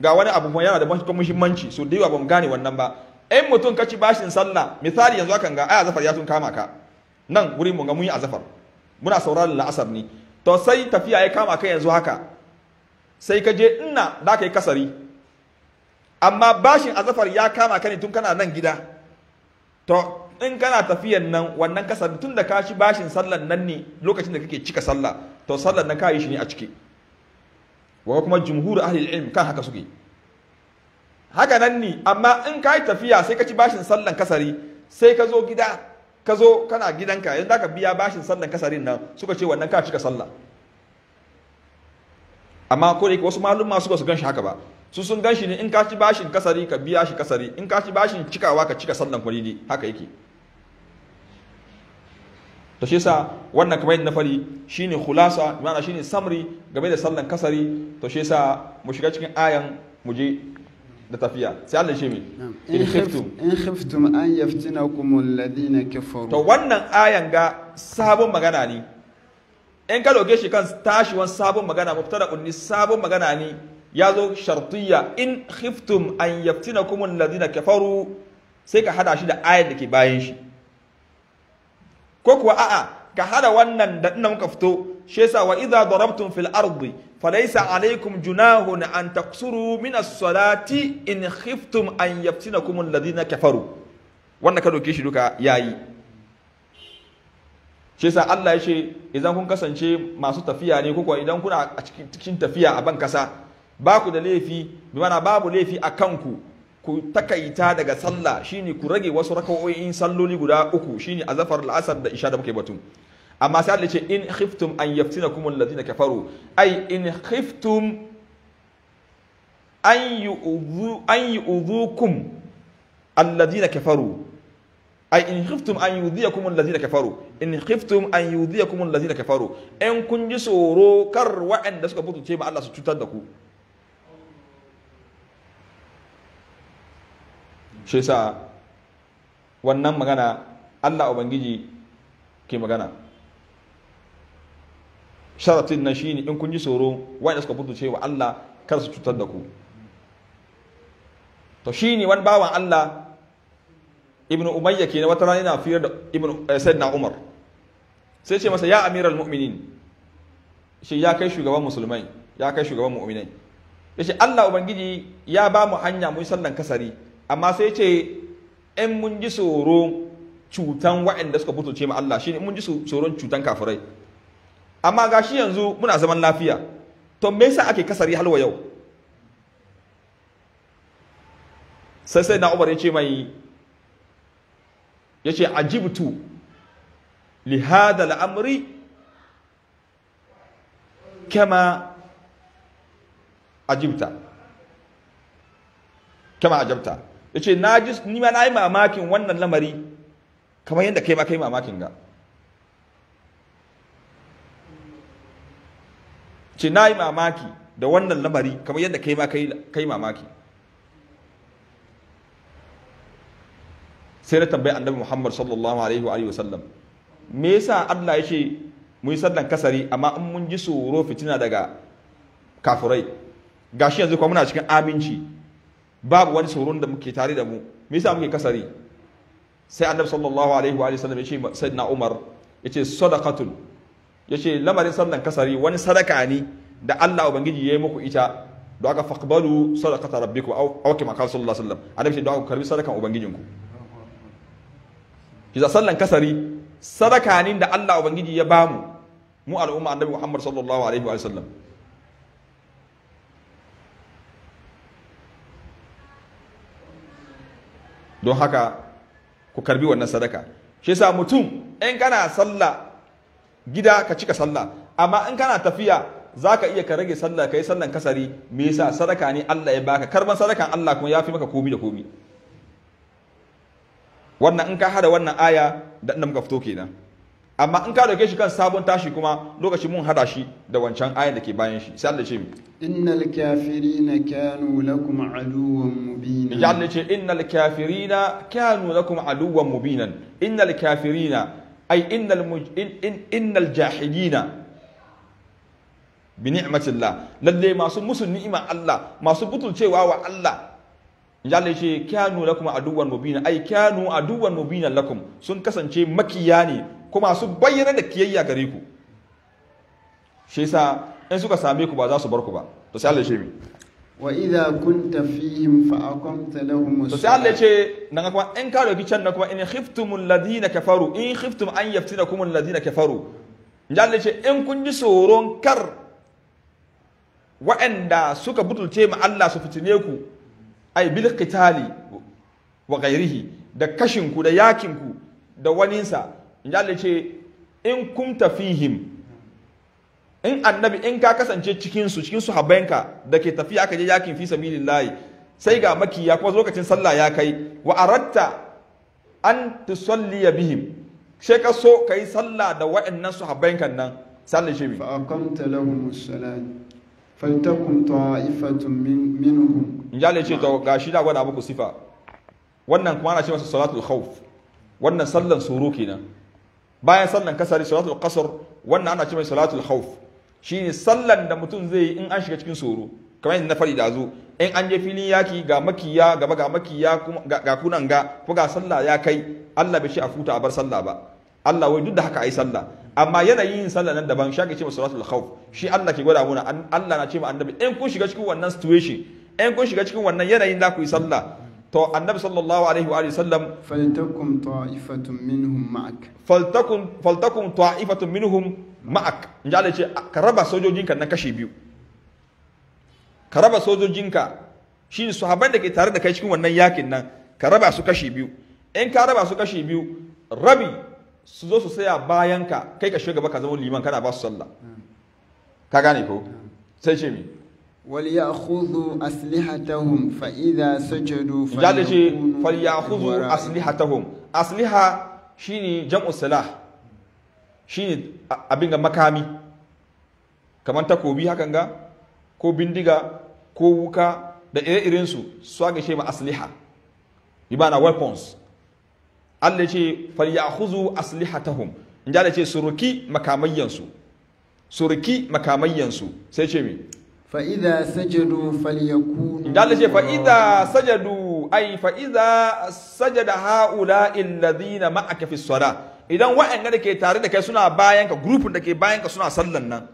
ga wani abu yana da muhimmanci su da yawa mu gane wannan ba ɗan mutum kaci bashin sallah misali yanzu akan ga 'aya zafar ya tun kama ka nan wuri mu ga mun yi azafar muna sauraron la'asar ni. to sai tafiya ya kama ka yanzu haka sai ka je ina da ka yi kasari amma bashin azafar ya kama ka ne tun kana nan gida to in kana tafiyan nan wannan kasar tun da ka ci bashin sallan nan ne lokacin da kake cika sallah to sallan nan kayi shi ne a ciki wa kuma jumhur ahli ilm kan haka suke haka nan ne amma in ka tafiya sai ka ci bashin sallan kasari sai ka zo gida ka zo kana gidanka yanzu ka biya bashin sallan kasarin nan suka ce wannan ka cika sallah amma ko da wasu malumma suka su ganshi haka ba su sun ganshi ne in ka ci bashin kasari ka biya shi kasari in ka ci bashin cikawa ka cika sallan kwalidi haka yake to shi sa wannan kamar yadda na fari shine khulasa shi shine samri game da sallan kasari to shi sa mu shiga cikin ayan mu je da tafiya sai Allah shi mai in khiftum in khiftum an yaftinakum alladhina kafaru to wannan ayan ga sabon magana ne in ka doge shi kan tashiwan sabon magana da kunni sabon magana ne ya zo shartiyya in khiftum an yaftinakum alladhina kafaru sai ka hada shi da ayan da ke bayan shi ko kuwa a'a ka hada wannan da ina muka fito shi yasa wa idza darabtum fil ardi falaysa alaykum junahun an taqsuru min as-salati in khiftum an yaftinakum alladhina kafaru wannan ka doke shi duka yayi shi yasa Allah ya ce idan kun kasance masu tafiya ne ko idan kuna a cikin tafiya a ban kasa ba ku da laifi bi mana babu laifi a ku. ku takaita daga sallah shine ku rage wasu raka'o'in salloli guda uku shine azafar la'asar da isha da muke batun. amma sai Allah ce in khiftum an yaftinakum alladhina kafaru ai in khiftum an yu'udhu an yu'udhukum alladhina kafaru ai in khiftum an yudhiyakum alladhina kafaru in khiftum an yudhiyakum alladhina kafaru in kun ji tsoro kar wa'anda suka ce ma Allah su cutar da ku shi sa wannan magana Allah ubangiji ke magana sharatin na ne in kun ji tsoro wanda suka fito cewa Allah kar su cutar da ku to shi ne wani bawan Allah ibn umayya na wata rana yana fiyar da ibn eh, sayyidina umar sai ce masa ya amiral mu'minin shi ya kai shugaban musulmai ya kai shugaban mu'minai yace Allah ubangiji ya ba mu hanya mu sallan kasari amma sai ce in mun ji tsoro cutan waɗanda suka ce ma Allah ne mun ji tsoron cutan kafirai amma ga shi yanzu muna zaman lafiya to me yasa ake kasari halwa yau sai sai na Umar ya ce mai yace ajibtu li hada kama ajibta kama yace na ji ni ma na yi mamakin wannan lamari kamar yadda kai ma kai mamakin ga ce na yi mamaki da wannan lamari kamar yadda kai ma kai mamaki sai na tambayi annabi Muhammad sallallahu alaihi wa sallam. me yasa Allah ya ce mu yi sallan kasari amma in mun ji tsoro fitina daga kafurai gashi yanzu kuma muna cikin aminci babu wani tsoron da muke tare da mu me yasa muke kasari sai annabi sallallahu alaihi wa sallam ya ce sayyidina umar ya ce sadaqatun ya ce lamarin sannan kasari wani sadaka ne da Allah ubangiji ya yi muku ita don aka faqbalu sadaqata rabbikum aw kama qala sallallahu alaihi wasallam annabi ce don aka karbi sadakan ubangijinku kiza sallan kasari sadaka ne da Allah ubangiji ya bamu mu al'umma annabi Muhammad sallallahu alaihi wa sallam don haka ku karbi wannan sadaka shi yasa mutum in kana sallah gida ka cika sallah amma in kana tafiya za ka iya ka rage sallah ka yi sallan kasari me yasa sadaka ne Allah ya baka karban sadakan Allah kuma ya fi maka komi da komi wannan in ka hada wannan aya da ka fito kenan amma in ka dauke shi kan sabon tashi kuma lokaci mun hada shi da wancan ayan da ke bayan shi sai Allah ce mi innal kafirina kanu lakum aduwwan mubina ya Allah ce innal kafirina kanu lakum aduwwan mubinan innal kafirina ay innal innal jahilina bi ni'matillah lalle masu musu ni'ima Allah masu butulcewa wa Allah ya Allah ce kanu lakum aduwwan mubina ai kanu aduwwan mubina lakum sun kasance makiya ne ko masu bayyana da kiyayya gare ku shi yasa in suka same ku ba za su bar ku ba to sai Allah ya ce wa idza kunta fihim fa aqamta lahum to sai Allah ya ce nan kuma in ka roki can nan kuma in khiftum alladhina kafaru in khiftum an yaftinakum alladhina kafaru inji Allah ya ce in kun ji tsoron kar wa'anda suka butulce ma Allah su fitine ku ai bil qitali wa ghairihi da kashin ku da yakin ku da waninsa in ji ce in kumta fihim in annabi in ka kasance cikinsu cikin su habanka da ke tafiya aka je yakin fi sabilillahi sai ga makiya kuma lokacin sallah ya kai wa aratta an tusalliya bihim sai ka so ka yi sallah da wa'annan su habankan nan sallah shi bi fa aqamta lahum as-salat faltakum ta'ifatun minhum in ji Allah ce to gashi da gwada muku sifa wannan kuma ana ce masa salatul khawf wannan sallan suru kenan bayan sallan kasari salatul qasr wannan ana ce mai salatul Shi shine sallan da mutum zai yi in an shiga cikin tsoro kamar yadda na fari da zo in an je filin yaki ga makiya gaba ga makiya ga kunan ga ko ga sallah ya kai Allah bai shi a futa a bar sallah ba Allah wai duk da haka ai sallah amma yanayin yin sallah nan daban ake ce salatul khawf shi Allah ke gwada muna Allah na ce ma annabi in kun shiga cikin wannan situation in kun shiga cikin wannan yanayin za ku yi sallah to annabi sallallahu alaihi wa sallam faltakum ta'ifatun minhum ma'ak faltakum faltakum ta'ifatun minhum ma'ak inji Allah ce ka raba sojojinka na kashi biyu ka raba sojojinka shine sahabban da ke tare da kai cikin wannan yakin nan ka raba su kashi biyu in ka raba su kashi biyu rabi su zo su saya bayan ka kai ka shugaba ka zama liman kana ba su sallah hmm. ka gane ko hmm. sai ce mi وليأخذوا أسلحتهم فإذا سجدوا فليأخذوا أسلحتهم أسلحة shine jam'u salah shine abin ga makami kamar takobi hakan ga ko bindiga ko wuka da ire-iren su su ga shi ma asliha bi na weapons Allah ce falyakhudhu aslihatahum in ja ce suruki makamayyansu suruki makamayyansu sai ce mi fa'iza sajadu falyakunu da Allah da fa'iza sajadu ai fa'iza sajada haula ma'aka fi sala idan wa'anda ke tare da kai suna bayan ka grupin da ke bayan ka suna sallan nan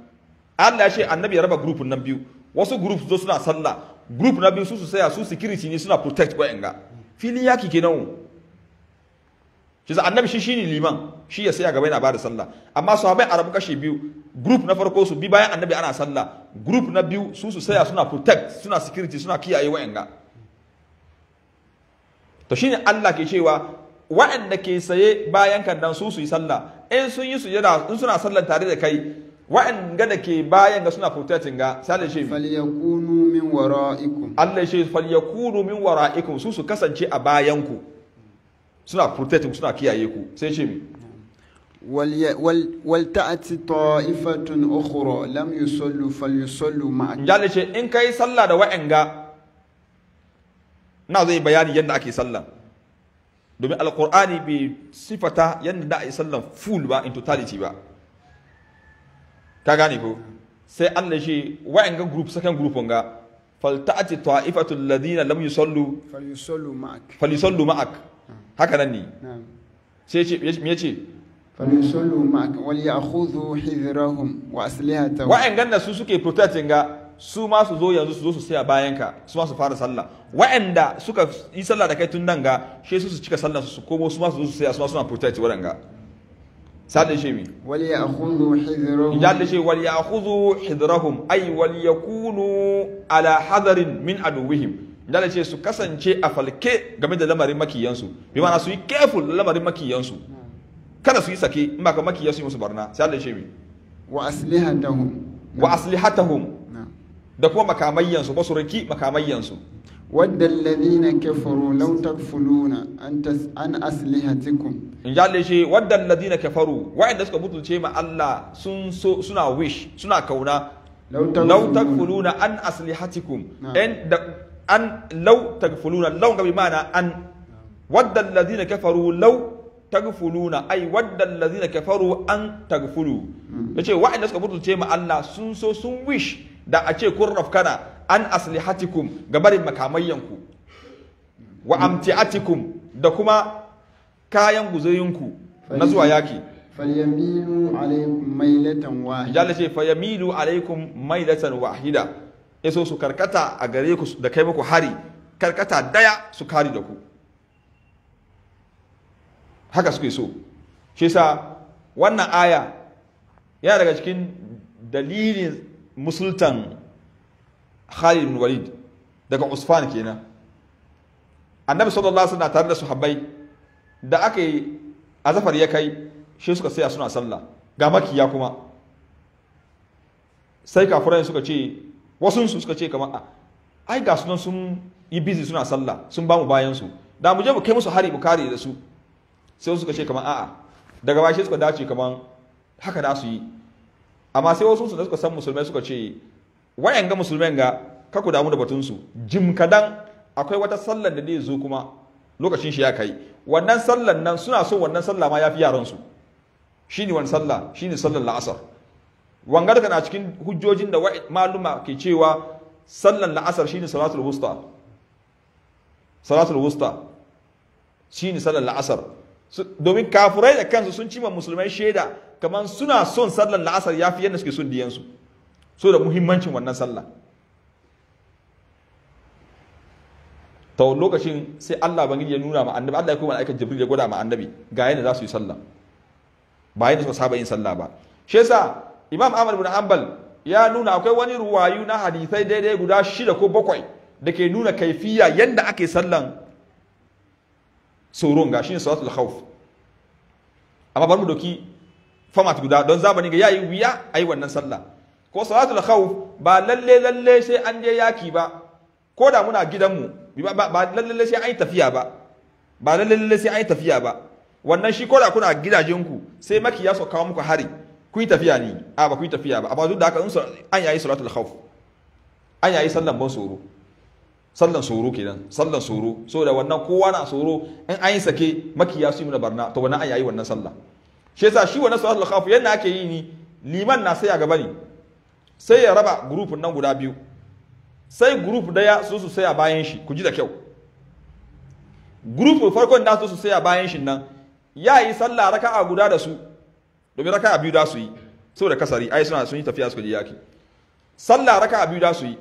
Allah ya ce annabi ya raba grupin nan biyu wasu group zo suna sallah group na biyu su su saya su sikiriti ne suna protect wa'anda fili yaki kenan shi sa annabi shi shine liman shi ya sai a gaba yana bada sallah amma sahabbai arabu kashi biyu group na farko su bi bayan annabi ana sallah group na biyu su su saya suna protect suna security suna kiyaye wa'anga to shine Allah ke cewa wa'anda ke saye bayan kan dan su su yi sallah in sun yi sujada in suna sallar tare da kai wa'anda da ke bayan ga suna protecting ga sai da shi falyakunu min wara'ikum Allah shi ce falyakunu min wara'ikum su su kasance a bayan ku suna protect suna kiyaye ku sai ce mi wal ta'ati ta'ifatun ukhra lam yusallu falyusallu ma'a jalla ce in kai sallah da wa'anga na zai bayani yadda ake sallah domin alqur'ani bai sifata yadda da a yi sallan full ba in totality ba ka gane ko sai Allah shi wa'anga group second group wanga fal ta'ati ta'ifatul ladina lam yusallu falyusallu ma'ak falyusallu ma'ak haka nan ne sai ce me ce falinsulu ma'aka wal ya'khudhu hizrahum wa aslihatahum wa'annan su suke protecting ga su masu zo yanzu su zo su saya bayan ka su masu fara sallah wa'anda suka yi sallah da kai tun nan ga shi su su cika sallah su komo su masu zo su saya su ma suna wadan ga sadda shi mi wal ya'khudhu hizrahum jadda shi wal ya'khudhu hizrahum ay wal yakunu ala hadarin min aduwihim dala ce su kasance a falke game da lamarin makiyansu bi ma'ana su yi careful da lamarin makiyansu kada su yi sake in ba ka makiyansu yi musu barna sai Allah ya ce mi wa aslihatahum wa aslihatahum da kuma makamayyansu ba su riki makamayyansu wadda alladhina kafaru law takfuluna an an aslihatikum in ja Allah shi wadda alladhina kafaru wa'anda suka mutunce ma Allah sun suna wish suna kauna law takfuluna an aslihatikum en da an lau tagfuluna lau ga bimana an wadda alladhina kafaru lau tagfuluna ai wadda allazina kafaru an tagfulu hmm. yace wa'anda suka mutunce ma Allah sun so sun wish da a ce kun rafkana an aslihatikum gabarin makamayyanku wa hmm. amtiatikum da kuma kayan guzoyinku na zuwa yaki falyamilu alaikum mailatan wahida yace falyamilu alaikum mailatan wahida ya so su karkata a gare ku da kai muku hari karkata daya su kari da ku haka suke so shi sa wannan aya yana daga cikin dalilin musultan Khalid ibn Walid daga Usfan kenan annabi sallallahu alaihi wasallam tare da sahabbai da aka yi azafar ya kai shi suka saya suna sallah ga makiya kuma sai kafirai suka ce wasu su suka ce kamar a ah, ai ga sunan sun yi busy suna sallah sun ba mu bayan su da mu je mu kai musu hari mu kare da su sai wasu suka ce kamar a'a daga bashi suka dace kamar haka da su yi amma sai wasu su da suka san musulmai suka ce wayan ga musulmai ga ka ku damu da batun su jim kadan akwai wata sallar da zai zo kuma lokacin shi ya kai wannan sallar nan suna so wannan sallah ma yafi yaran su shine wannan sallah ne sallar la'asar wangar kana cikin hujjojin da maluma ke cewa sallan la'asar shine salatul wusta salatul wusta shine sallan la'asar domin kafurai da kansu sun cima musulmai shaida kamar suna son sallan la'asar ya fi yadda suke son diyansu so da muhimmancin wannan sallah ta lokacin sai Allah bangiji ya nuna ma annabi Allah ya kuma aikan Jibril ya gwada ma annabi ga yadda za su yi sallah ba yadda suka saba yin sallah ba shi yasa imam ahmad ibn hanbal ya nuna akwai wani ruwayu na hadisai daidai guda shida ko bakwai da ke nuna kaifiya yadda ake sallan tsoron ga shine salatul khawf amma bari mu doki format guda don zamani ga yayi wuya ayi wannan sallah ko salatul khawf ba lalle lalle sai an je yaki ba ko da muna gidanmu ba lalle lalle sai an yi tafiya ba ba lalle lalle sai an yi tafiya ba wannan shi ko da kuna gidajenku sai makiya su kawo muku hari Kuyi yi tafiya ne a ba kuyi yi tafiya ba amma duk da haka an yayi salatul khawf an yayi sallan ban tsoro sallan tsoro kenan sallan tsoro saboda wannan kowa na tsoro in an yi sake makiya su yi mana barna to wannan an yayi wannan sallah shi yasa shi wannan salatul khawf yanda ake yi ni liman na sai a gaba ne sai ya raba gurufin nan guda biyu sai group daya su su sai a bayan shi ku ji da kyau group farkon da su su sai a bayan shi nan ya yi sallah raka'a guda da su domin raka'a biyu da su yi saboda kasari ai suna sun yi tafiya suka je yaki sallah raka'a biyu da su yi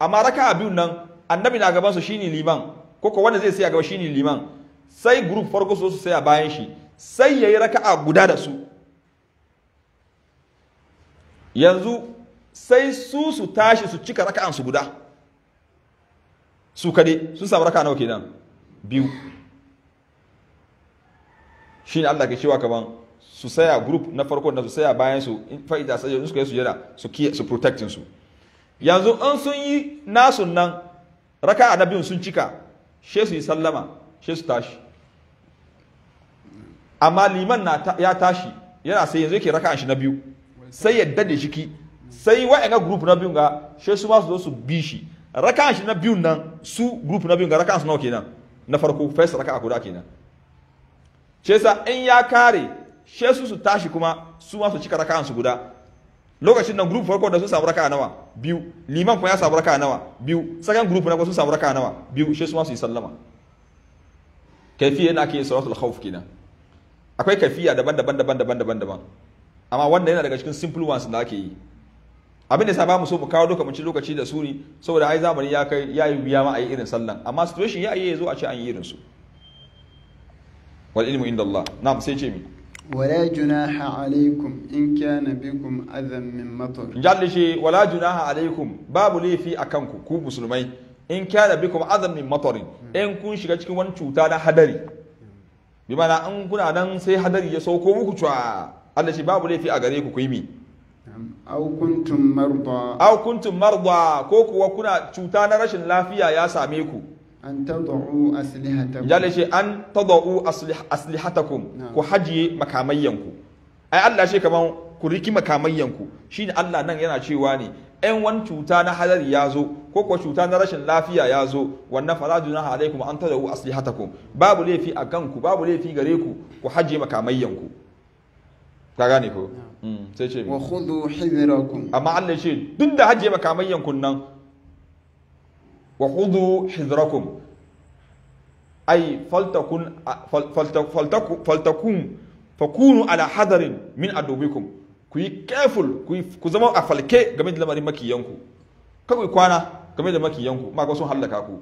amma raka'a biyu nan annabi na gaban su shine liman ko ko wanda zai a gaba shine liman sai group farko su su saya bayan shi sai yayi raka'a guda da su yanzu sai su su tashi su cika raka'an su guda su kade sun samu raka'a nawa kenan biyu shine Allah ke cewa kaman su saya group na farko da su saya bayan su fa'ida sai su kai sujada su ki su protecting su yanzu in sun yi nasu nan raka'a na biyun sun cika she su yi sallama she su tashi amma liman na ya tashi yana sai yanzu yake raka'an shi na biyu sai ya dade shiki sai wa'anga group na biyun ga she su ma su zo su bi shi raka'an shi na biyun nan su group na biyun ga raka'an su nawa kenan na farko first raka'a guda kenan shi in ya kare she su su tashi kuma su ma su cika raka'an su guda lokacin nan group farko da sun samu raka'a nawa biyu liman kuma ya samu raka'a nawa biyu Sakan group na kuma sun samu raka'a nawa biyu she su ma su yi sallama kaifiya yana ake yin salatul khawf kenan akwai kafiya daban-daban daban-daban daban-daban amma wanda yana daga cikin simple ones da ake yi abin da sa ba mu so mu kawo duka mucin lokaci da suri saboda ai zamani ya kai ya yi biya ma a yi irin sallan amma situation ya yi ya zo a ce an yi irin su wal ilmu inda Allah na sai ce mi ولا جناح عليكم إن كان بكم أذى من مطر جل شيء ولا جناح عليكم باب لي في أكنكم كو مسلمي إن كان بكم أذى من مطر إن كن شيغا cikin wani cuta na hadari bi kuna nan sai hadari ya sauko muku cewa Allah shi babu laifi a gare ku ku yi mi aw kuntum marda aw ko kuwa kuna cuta na rashin lafiya ya same ku an ta aslihatakum jale ce an tad'u aslihatakum ku hajiye makamayyanku ai Allah shi kaman ku riki makamayyanku shine Allah nan yana cewa ne ɗan wani cuta na hadari ya zo ko kuwa cuta na rashin lafiya ya zo wannan faraju na kuma an tad'u aslihatakum babu laifi a kanku babu laifi gare ku ku hajiye makamayyanku ka gane ko mm, sai ce wa hidrakum amma Allah ce duk da hajiye makamayyankun nan wa khudhu hidrakum ay faltakun faltakun fakunu ala hadarin min adubikum ku yi careful ku zama a falke game da lamarin makiyanku kawai kwana game da makiyanku ma sun hallaka ku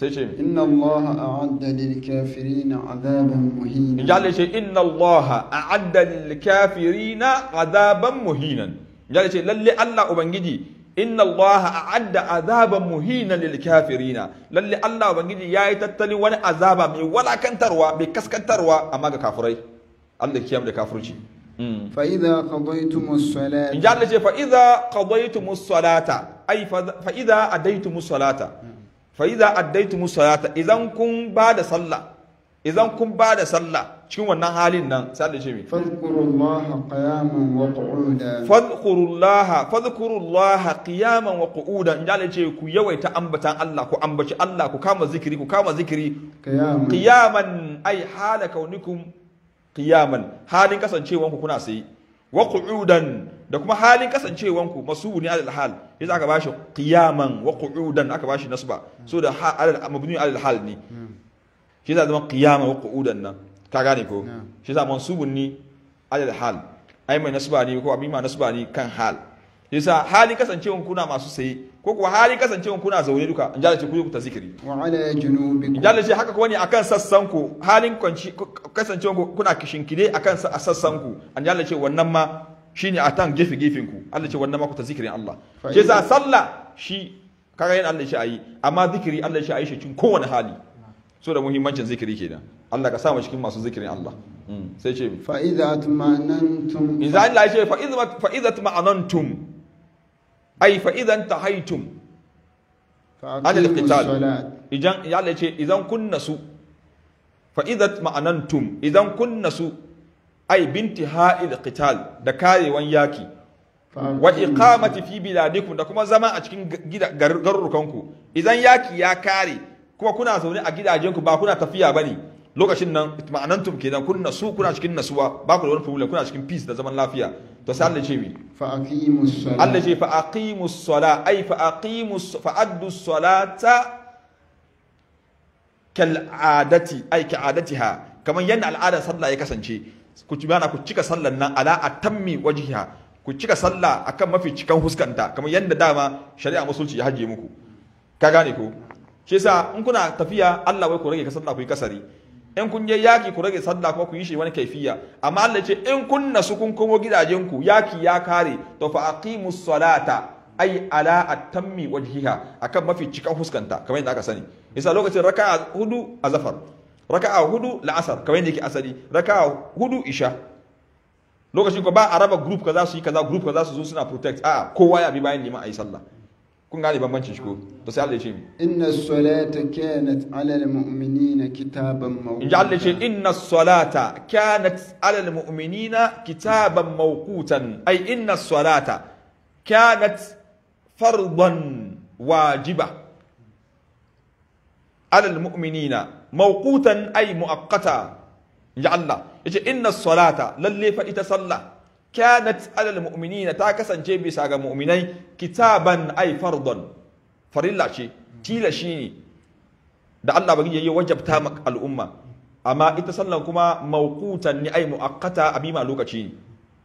sai ce inna Allah a'adda lil kafirin azaban muhinan. ya ce inna Allah a'adda lil kafirin azaban muhinan ya ce lalle Allah ubangiji inna Allah a'adda azaban muhina lil kafirina lalle Allah ubangiji yayi tattali wani azaba mai walakantarwa mai kaskantarwa amma ga kafirai Allah kiyam da kafirci hmm. fa idza qadaytumus salata in jalla ce fa idza qadaytumus salata ai fa idza adaytumus salata fa idza adaytumus salata hmm. idan kun ba da sallah idan kun ba da sallah cikin wannan halin nan sallah ce mai Fadkurullaha qiyaman wa qu'udan Fadkurullaha fadhkurullaha qiyaman wa qu'udan inda Allah ce ku yawaita ambatan Allah ku ambaci Allah ku kama zikiri ku kama zikiri qiyaman qiyaman ay hala kaunikum qiyaman halin kasancewanku kuna sai wa qu'udan da kuma halin kasancewanku masubu wuni alal hal yasa aka bashi qiyaman wa qu'udan aka bashi nasba so da mabni alal hal ne hmm. shi yasa zama kiyama wa ƙudan nan ka gane ko shi yasa mansubun ni alal hal ai mai nasuba ne ko abin ma nasuba ne kan hal shi sa hali wa kuna masu saye ko kuwa hali wa kuna zaune duka in jalace ku yi ku ta zikiri wa in jalace haka kuwa ne kan sassan ku halin kasance wa kuna kishinkide akan sassan ku an jalace wannan ma shine tan gefe gefen ku Allah ce wannan ma ku ta zikirin Allah shi sa sallah shi kaga yin Allah shi ayi amma zikiri Allah shi ayi shi cin kowane hali so da muhimmancin zikiri kenan Allah ka sa mu cikin masu zikirin Allah hmm. sai ce fa idza tuma'anantum idza Allah ya ce fa idza fa idza tuma'anantum ai fa idza tahaytum ala al-qital idan ya Allah ya ce idan kunna su fa idza tuma'anantum idan kunna su ai binti ha'il qital da karewan yaki wa iqamati fi biladikum da kuma zama a cikin garurukanku. idan yaki ya kare kuma kuna zaune a gidajenku ba kuna tafiya ba bane lokacin nan ma'anantum kenan kun nasu kuna cikin nasuwa ba ku da wani problem kuna cikin peace da zaman lafiya to sai Allah ce mi fa aqimus sala Allah ce fa aqimus sala ai fa aqimus fa addu salata kal adati ai ka adatiha kamar yadda al'adar sallah ya kasance ku ci bana ku cika sallan nan ala atammi wajhiha ku cika sallah akan mafi cikan huskanta kamar yadda dama shari'a musulci ya haje muku ka gane ko shi yasa in kuna tafiya Allah wai ku rage sallah ku yi kasari in kun je yaki ku rage sallah kuma ku yi shi wani kaifiya amma Allah ce in kun nasu kun komo gidajen ku yaki ya kare to fa aqimus salata ai ala atammi wajhiha akan mafi cikan huskanta kamar yadda aka sani yasa lokacin raka'a hudu azafar, zafar raka'a hudu la'asar kamar yadda yake asali raka'a hudu isha lokacin ko ba a raba group kaza su yi kaza group kaza su zo suna protect a'a kowa ya bi bayan a yi sallah kun gane bambancin shi ko to sai Allah ya ce mi inna salata kanat ala almu'minina kitaban mawquta inji Allah ya ce inna salata kanat ala almu'minina kitaban mawqutan ai inna salata kanat fardan wajiba ala almu'minina mawqutan ai muaqqata inji Allah ya ce inna salata lalle fa ita sallah Kyanat alal mu'minina ta kasance bisa ga mu'minai kitaban ai fardon farilla ce tila ne. da Allah bagi yayi wajabta ma al'umma amma ita sallan kuma maukutan ni ay muaqqata abi ma lokaci ne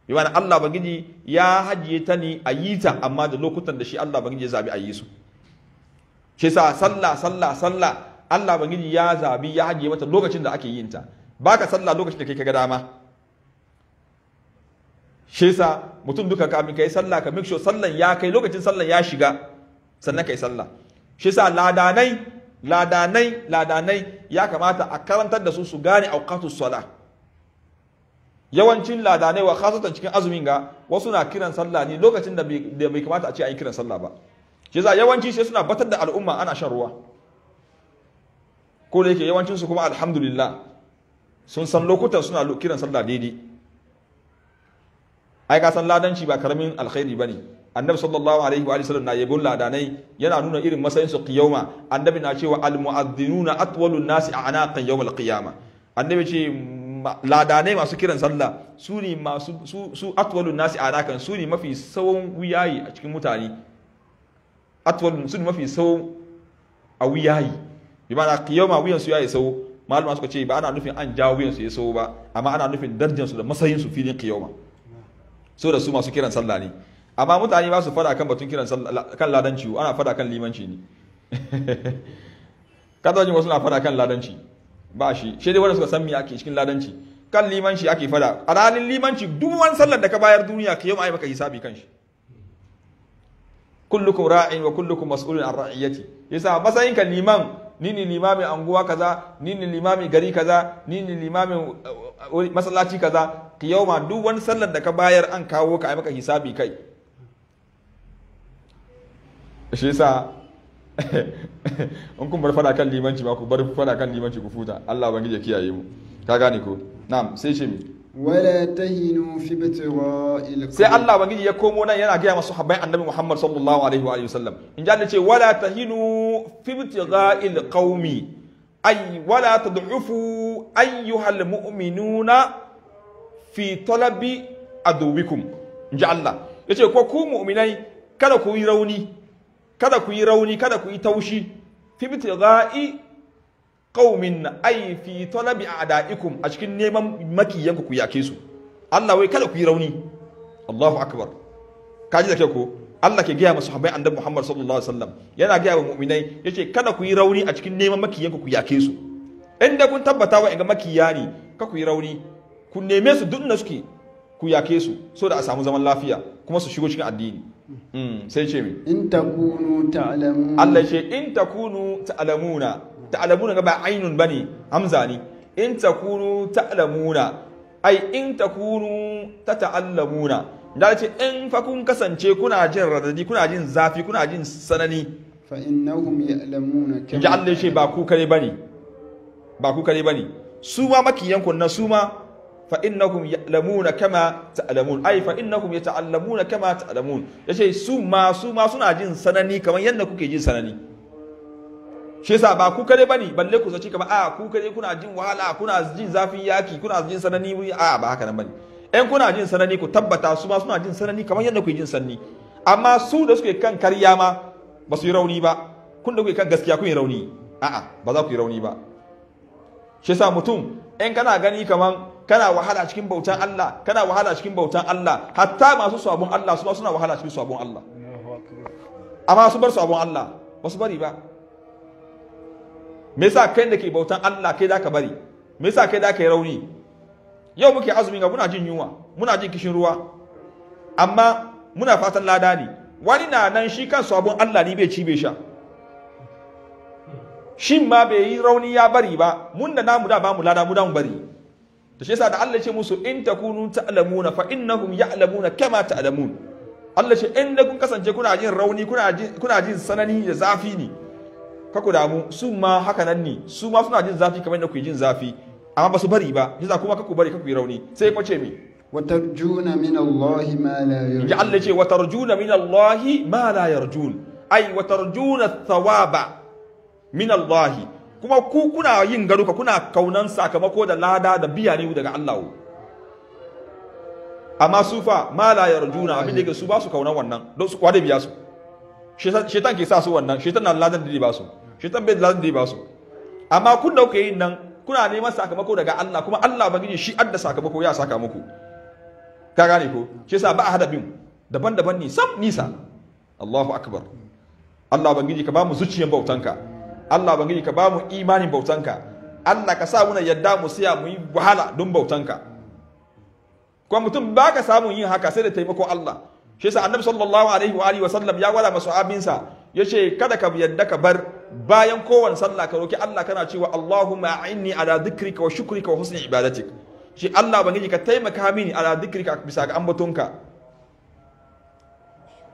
bi ma'ana Allah bangiji ya hajiye ta ni a yi ta amma da lokutan da shi Allah bangiji ya zabi a yi su shi sallah sallah sallah Allah bangiji ya zabi ya hajji mata lokacin da ake yin ta baka sallah lokacin da ke ka ga dama shi yasa mutum duka kamin kai sallah ka make sure sallan ya kai lokacin sallan ya shiga sannan kai sallah shi yasa ladanai ladanai ladanai ya kamata a karantar da su su gane auqatus sala yawancin ladanai wa khasatan cikin azumin ga wasu na kiran sallah ne lokacin da bai kamata a ce ayi yi kiran sallah ba shi yasa yawanci sai suna batar da al'umma ana shan ruwa ko da yake yawancin su kuma alhamdulillah sun san lokutan suna kiran sallah daidai ai ka san ladanci ba karamin alkhairi bane annabi sallallahu alaihi wa sallam na yabon ladanai yana nuna irin matsayin su qiyama annabi na cewa al mu'adhdhinuna atwalu nasi anaqan yawm al qiyama annabi ce ladanai masu kiran sallah su ne masu su atwalu nasi anaqan su ne mafi tsawon wuyayi a cikin mutane atwalu su ne mafi tsawon a wuyayi bi ma'ana qiyama wuyan su yayi sawo malama suka ce ba ana nufin an jawo wuyan su ya tsawo ba amma ana nufin darajar su da matsayin su filin qiyama so da su masu kiran sallah ne amma mutane ba su fada kan batun kiran sallah kan ladanci ana fada kan limanci ne kada jin wasu na fada kan ladanci ba shi shi dai wanda suka san me ake cikin ladanci kan limanci ake fada a halin limanci duk wani sallar da ka bayar duniya ka yau ai maka hisabi kan shi kullukum ra'in wa kullukum mas'ulun an ra'iyati yasa masayin ka liman ni ne limamin anguwa kaza ni ne limamin gari kaza ni ne limamin masallaci kaza ma duk wani sallar da ka bayar an kawo ka ai maka hisabi kai shi yasa in kun bar fada kan limanci ba ku bar fada kan limanci ku futa Allah ubangiji ya kiyaye mu ka gane ko na'am sai shi mi wala tahinu fi ibtira'il sai Allah ubangiji ya komo nan yana ga masu habai annabi Muhammad sallallahu alaihi wa sallam in ji Allah ce wala tahinu fi ibtira'il qaumi أي ولا تضعفوا أيها المؤمنون fi talabi aduwikum inji Allah yace ko ku mu'minai kada ku yi rauni kada ku yi rauni kada ku yi taushi fi bitgha'i qaumin ay fi talabi a'da'ikum a cikin neman makiyanku ku yake su Allah wai kada ku yi rauni Allahu akbar kaji da ke ko Allah ke gaya masu habai annabi Muhammad sallallahu alaihi wasallam yana gaya wa mu'minai yace kada ku yi rauni a cikin neman makiyan ku yake su inda kun tabbata wa ga makiya ne ka ku yi rauni ku neme su duk da suke ku yake su so da a samu zaman lafiya kuma su shigo cikin addini hmm, sai ce me in takunu ta'lamun Allah ce in takunu ta'lamuna ta'lamuna ba ainun bane hamza ne in takunu ta'lamuna ai in takunu tata'allamuna da ce in fa kun kasance kuna jin radadi kuna jin zafi kuna jin sanani fa innahum ya'lamuna kam ja Allah shi ba ku kare bane ba ku kare bane su ma makiyan kun na su ma fa innahum ya'lamuna kama ta'lamun ai fa innahum yata'allamuna kama ta'lamun yace su ma su ma suna jin sanani kamar yadda kuke jin sanani shi yasa ba ku kare bane balle ku sace kamar a ku kare kuna jin wahala kuna jin zafin yaki kuna jin sanani a ba haka nan bane in kuna jin sanani ku tabbata su ma suna jin sanani kamar yadda ku jin sanni amma su da suke kan karya ma ba su yi rauni ba kun da kuke kan gaskiya kun yi rauni a'a ba za ku yi rauni ba shi yasa mutum in kana gani kaman kana wahala cikin bautan Allah kana wahala cikin bautan Allah hatta masu sabon Allah su ma suna wahala cikin sabon Allah amma su bar sabon Allah ba su bari ba me yasa kai da ke bautan Allah kai da ka bari me yasa kai da ka yi rauni yau muke azumi ga muna jin yunwa muna jin kishin ruwa amma muna fatan lada ne wani na nan shi kan sabon Allah ne bai ci bai sha shin ma bai yi rauni ya bari ba mun da namu da bamu lada mu da mu bari Ta shi yasa da Allah ya ce musu in takunu ta'lamuna fa innahum ya'lamuna kama ta'lamun Allah ce in kun kasance kuna jin rauni kuna jin kuna sanani da zafi ne ka ku su ma haka nan ne su ma suna jin zafi kamar da ku jin zafi amma ba su bari ba shi za kuma kaku bari kaku yi rauni sai kuma ce mi watarjuna min Allah ma la yarjun ji Allah ce watarjuna min Allah ma la yarjun ai watarjuna thawaba min Allah kuma ku kuna yin garuka kuna kaunan sakamako da lada da biya ne daga Allah amma su fa ma la yarjuna abin da yake su ba su kaunan wannan don su kwade biya su shetan ke sa su wannan shetan na ladan da ba su shetan bai ladan da ba su amma kun da yin nan kuna neman sakamako daga Allah kuma Allah ubangiji shi adda sakamako ya saka muku ka gane ko shi yasa ba a hada bin daban-daban ne sam nisa Allahu akbar Allah ubangiji ka bamu mu zuciyar bautanka Allah ubangiji ka bamu imanin bautanka Allah ka sa muna yadda mu siya mu yi wahala don bautanka kuma mutum ba ka samun yin haka sai da taimakon Allah shi yasa annabi sallallahu alaihi wa alihi wa sallam ya gwada masu abinsa yace kada ka yadda ka bar bayan kowane sallah ka roki Allah kana cewa Allahumma a'inni ala dhikrika wa shukrika wa husni ibadatik shi Allah bangiji ka taimaka mini ala dhikrika bisa ga ambatonka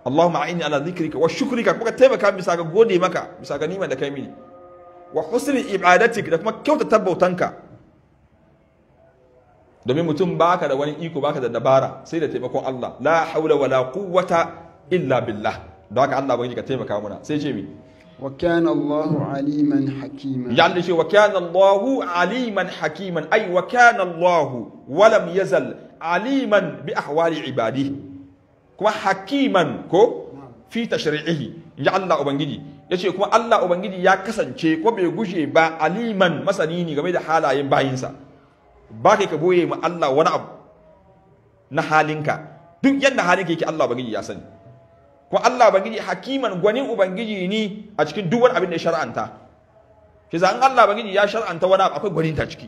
Allahumma a'inni ala dhikrika wa shukrika kuma ka taimaka mini bisa ga gode maka bisa ga nima da kai mini wa husni ibadatik da kuma kyauta bautanka domin mutum baka da wani iko baka da dabara sai da taimakon Allah la haula wala quwwata illa billah don haka Allah bangiji ka taimaka mana sai ce mi wa kana Allahu aliman hakiman yanda shi wa kana Allahu aliman hakiman ai wa kana Allahu walam yazal aliman bi ahwali ibadi kuma hakiman ko fi tashri'ihi ya Allah ubangiji yace kuma Allah ubangiji ya kasance ko bai gushe ba aliman masani ne game da halayen bayinsa ba ka boye ma Allah wani abu na halinka duk yadda halinka yake Allah ubangiji ya sani ko Allah ubangiji hakiman gwanin ubangiji ni a cikin duk wani abin da ya shar'anta shi za an Allah ubangiji ya shar'anta wani abu akwai gwaninta ciki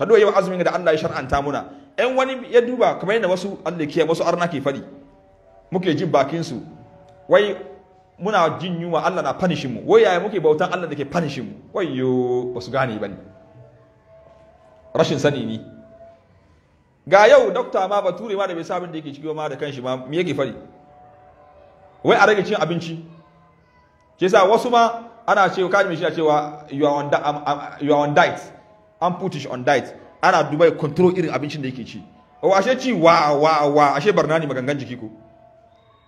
ka doye wa azumin da Allah ya shar'anta muna ɗan wani ya duba kamar yadda wasu Allah ke wasu arna ke fadi muke jin bakin su wai muna jin yunwa Allah na punishin mu wai yaya muke bautan Allah da ke punishin mu wayyo ba su gane bane rashin sani ne ga yau dokta ma bature ma da bai sabin da yake ciki ma da kanshi ma me yake wai a rage cin abinci ke sa wasu ma ana ce kaji mai shi cewa you are on, diet an putish on diet ana dubai control irin abincin da yake ci o oh, ashe ci wa wa wa ashe barna ne magangan jiki ko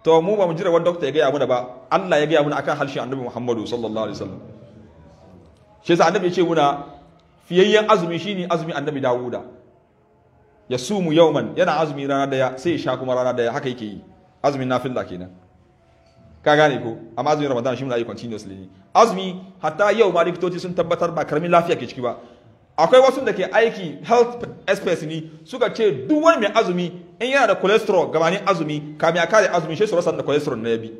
to mu ba mu jira wani doctor ya gaya muna ba Allah ya gaya muna akan harshen annabi Muhammadu sallallahu alaihi wasallam ke sa annabi ya ce muna fiyayyen azumi shine azumi annabi Dawuda ya sumu man yana azumi rana daya sai ya sha kuma rana daya haka yake yi azumin na nafila kenan ka gane ko amma azumin ramadan shi muna yi continuously ne azumi hatta yau ma likitoci sun tabbatar ba karamin lafiya ke ciki ba akwai wasu da ke aiki health experts ne suka ce duk wani mai azumi in yana da cholesterol gabanin azumi kamin a kare azumi shi su rasa da cholesterol na yabi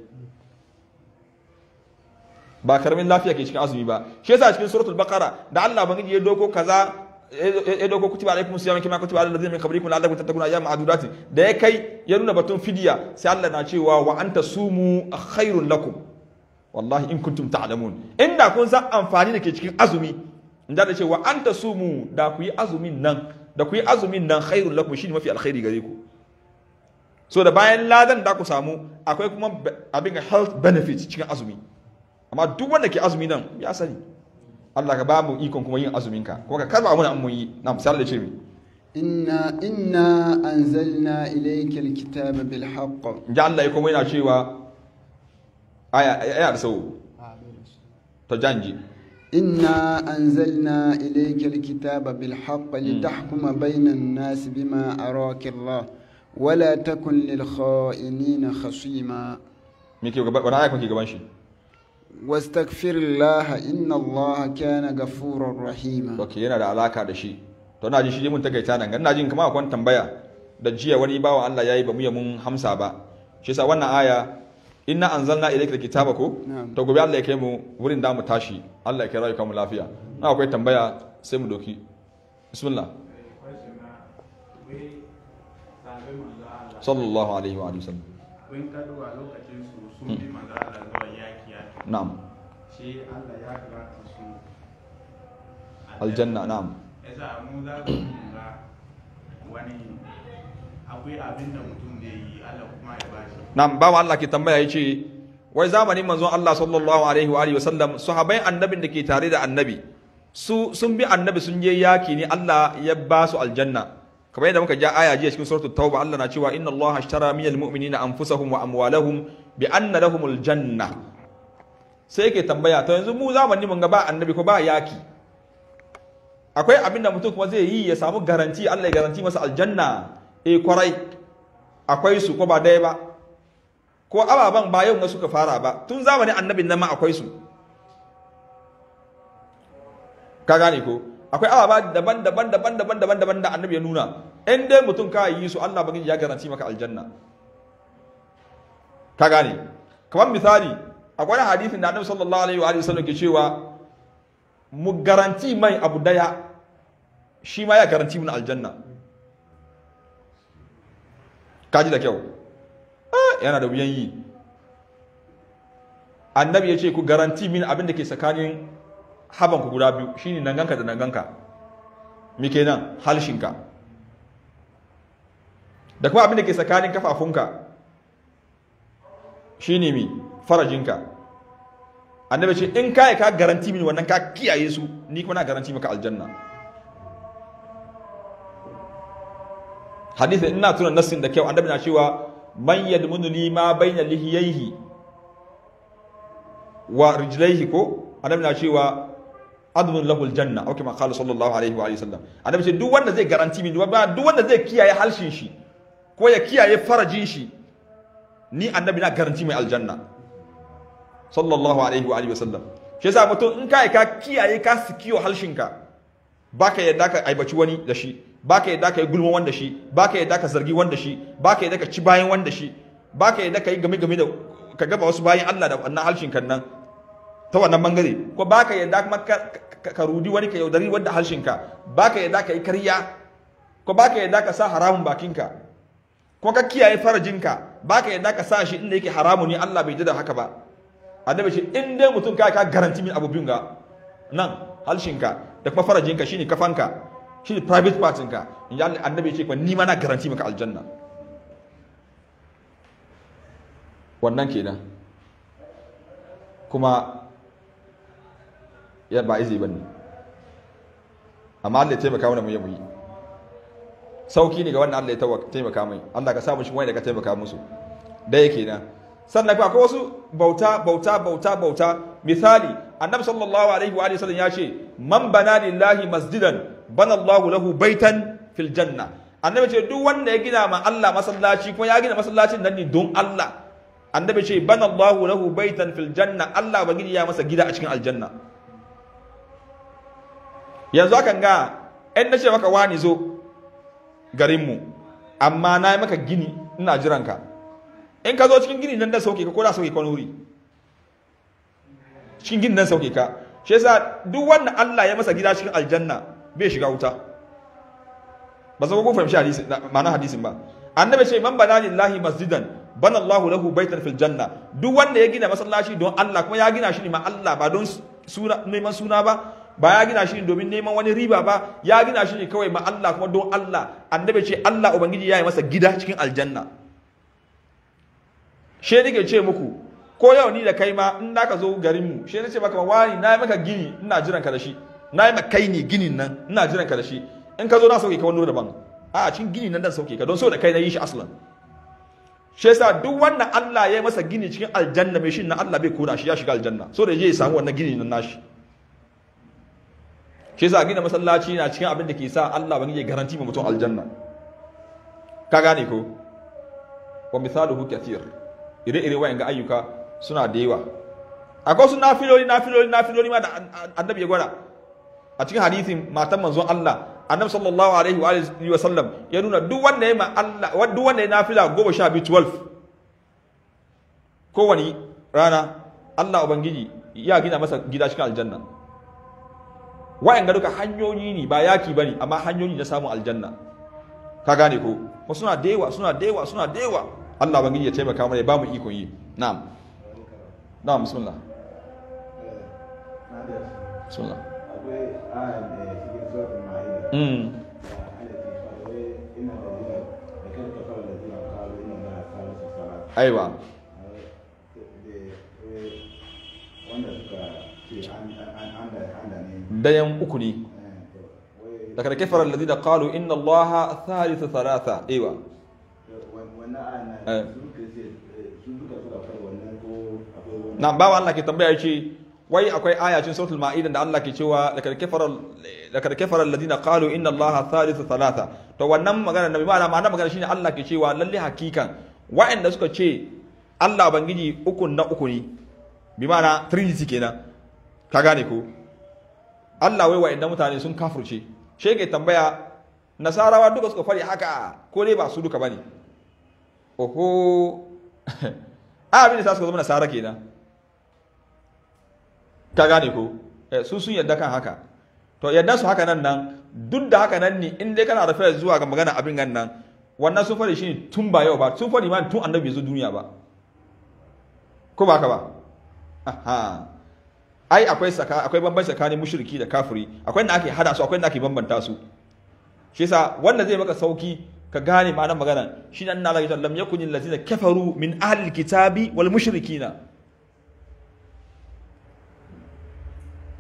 ba karamin lafiya ke cikin azumi ba shi yasa cikin suratul baqara da Allah bangiji ya doko kaza E, edo ko kutiba alaikum siyam kima kutiba alal ladina min qablikum la'allakum tattaquna ayyam ma'dudatin da ya kai ya nuna batun fidiya sai Allah na cewa wa anta sumu khairun lakum wallahi in kuntum ta'lamun inda kun san amfani da ke cikin azumi inda da cewa anta sumu da ku yi azumin nan da ku yi azumin nan khairun lakum shine mafi alkhairi gare ku so da bayan ladan da ku samu akwai kuma abin health benefit cikin azumi amma duk wanda ke azumi nan ya sani Allah ka ba mu ikon kuma yin azumin ka kuma ka karba mana mun yi na misali da ce mi inna inna anzalna ilayka alkitaba bil haqq ja Allah kuma yana cewa aya aya da sau to janji inna anzalna ilayka alkitaba bil haqq litahkuma bainan nas bima araka Allah wala takun lil kha'inina khasima me ke gaban wani aya kuma ke gaban shi واستغفر الله إن الله كان غفورا رحيما اوكي yana da alaka da shi to na ji shi mun ta nan ina jin kamar akwai tambaya da jiya wani bawa Allah yayi ba mu ya mun hamsa ba shi yasa wannan aya inna anzalna ilayka kitaba ko to gobe Allah ya kai mu wurin da mu tashi Allah ya kai rayuka mu lafiya na akwai tambaya sai mu doki bismillah sallallahu alaihi wa sallam kun kaduwa lokacin su sun bi manzo Allah zuwa yaki na'am shi aljanna na'am yasa mu za Allah ke tambaya yace wai zamanin manzon Allah sallallahu alaihi wa annabin da ke tare da annabi su sun bi annabi sun je yaki ne Allah ya ba su aljanna kamar yadda muka ja aya jiya cikin suratul tauba Allah na cewa inna Allah ashtara minal mu'minina anfusahum wa amwalahum bi anna lahumul janna sai yake tambaya to yanzu mu zamani mun ga ba annabi ko ba yaki akwai abinda mutum kuma zai yi ya samu garanti Allah ya garanti masa aljanna eh kwarai akwai su ko ba dai ba ko ababan ba yau na suka fara ba tun zamanin annabin nan ma akwai su ka gane ko akwai ababa daban daban daban daban daban daban da annabi ya nuna in dai mutum ka yi su Allah bagin ya garanti maka aljanna ka gane kamar misali akwai hadithin da Annabi sallallahu alaihi wa alihi wasallam ke cewa mu garanti mai abu daya shi ma ya garanti mun aljanna kaji da kyau ah, yana da wuyan yi annabi ya ce ku garanti min abin da ke tsakanin haban ku guda biyu shine nanganka da nanganka me kenan halshinka da kuma abin da ke tsakanin kafafunka shine mi farajinka annabi ce in kai ka garanti min wannan ka kiyaye su ni kuma na garanti maka aljanna hadisi ina tuna nassin da kyau annabi na cewa man yadmunu li ma bayna lihiyaihi wa rijlaihi ko annabi na cewa adnun lahu aljanna aw kama qala sallallahu alaihi wa sallam annabi ce duk wanda zai garanti min duk wanda zai kiyaye halshin shi ko ya kiyaye farajin shi ni annabi na garanti mai aljanna sallallahu alaihi wa alihi wasallam shi yasa mutum in kai ka kiyaye ka sikiyo halshinka baka yadda ka aibaci wani da shi baka yadda ka yi gulma wanda shi baka yadda ka zargi wanda shi baka yadda ka ci bayan wanda shi baka yadda ka yi game game da ka gaba wasu bayan Allah da wannan halshin kan nan ta wannan bangare ko baka yadda kuma ka rudi wani ka yaudari wanda halshin ka baka yadda ka yi karya ko baka yadda ka sa haramun bakinka ko ka kiyaye farajinka baka yadda ka sa shi inda yake haramu ne Allah bai da haka ba annabi shi in dai mutum ka ka garanti min abu biyun ga nan halshinka da kuma farajinka shine kafanka shine private partin ka in ji annabi ce kuma ni ma na garanti maka aljanna wannan kenan kuma ya ba izi bane amma Allah ya taimaka mana mu yi mu sauki ne ga wannan Allah ya taimaka mai Allah ka samu shi wani da ka taimaka musu da yake nan sannan akwai wasu bauta bauta bauta bauta misali annabi sallallahu alaihi wa sallam ya ce man bana lillahi masjidan bana Allahu lahu baitan fil janna annabi ce duk wanda ya gina ma Allah masallaci ko ya gina masallacin nan ne don Allah annabi ce bana Allahu lahu baitan fil janna Allah bagiji ya masa gida a cikin aljanna yanzu akan ga ɗan na ce maka wani zo garinmu amma na yi maka gini ina jiranka in ka zo cikin gini nan da sauke ka ko da sauke ka wuri cikin gini nan sauke ka shi yasa duk wanda Allah ya masa gida cikin aljanna bai shiga wuta ba sai kun fahimci hadisin ma'ana hadisin ba annabi ce man bana lillahi masjidan bana Allahu lahu baitan fil janna duk wanda ya gina masallaci don Allah kuma ya gina shi ne ma Allah ba don suna neman suna ba ba ya gina shi ne domin neman wani riba ba ya gina shi ne kawai ma Allah kuma don Allah annabi ce Allah ubangiji ya yi masa gida cikin aljanna she nake ce muku ko yau ni da kai ma in da ka zo garin mu she nace maka wani na yi maka gini ina jiran ka da shi na yi maka kai ne ginin nan ina jiran ka da shi in ka zo na sauke ka wani daban a cikin gini nan dan sauke ka don so da kai na yi shi aslan shi yasa duk wannan Allah ya yi masa gini cikin aljanna mai shi na Allah bai kora shi ya shiga aljanna so da je ya samu wannan gini nan nashi shi yasa gina masallaci na cikin abin da ke sa Allah ban ya garanti ma mutum aljanna ka gane ko wa misaluhu kathir ire-ire wayan ga ayyuka suna da yawa akwai su nafiloli nafiloli nafiloli ma da annabi ya gwada a cikin hadisin matan manzon Allah annabi sallallahu alaihi wa alihi wa sallam ya nuna duk wanda ya ma Allah duk wanda ya nafila bi 12 kowani rana Allah ubangiji ya gina masa gida cikin aljanna wayan ga duka hanyoyi ne ba yaki bane amma hanyoyi na samun aljanna ka gane ko suna dewa suna dewa suna dewa Allah ubangiji ya taimaka mana ya ba mu ikon yi na'am na'am bismillah bismillah mm aiwa dayan uku ne daga da kafarar lalzi da kalu inna allaha thalitha thalatha aiwa na eh. eh, bawa Allah ke tambaya ce wai akwai ayacin sautul ma'ida da Allah ke cewa da lakar kafara ladina qalu inna Allah thalithu thalatha to wannan magana nabi ma'ana ma'ana magana shine Allah ke cewa lalle hakikan wa'anda suka ce Allah bangiji uku na uku ne bi ma'ana trinity kenan ka gane ko Allah wai wa'anda mutane sun kafirce shege tambaya nasarawa duka suka fari haka ko dai ba su duka bane oho a ah, abin da sa suka zama nasara kenan ka gane ko eh, su sun yadda kan haka to yadda su haka nan nan duk da haka nan ne in dai kana rafa zuwa ga magana abin gan nan wannan sun fari ne tun ba yau ba sun fari ma tun annabi zo duniya ba ko ba ka ba aha ai akwai saka akwai bambanci tsakanin mushriki da kafiri akwai da ake hada su akwai da ake bambanta su shi yasa wanda zai maka sauki ka gane ma'anar magana shi ne Allah ya ta lam yakun allazina kafaru min ahli kitabi wal mushrikina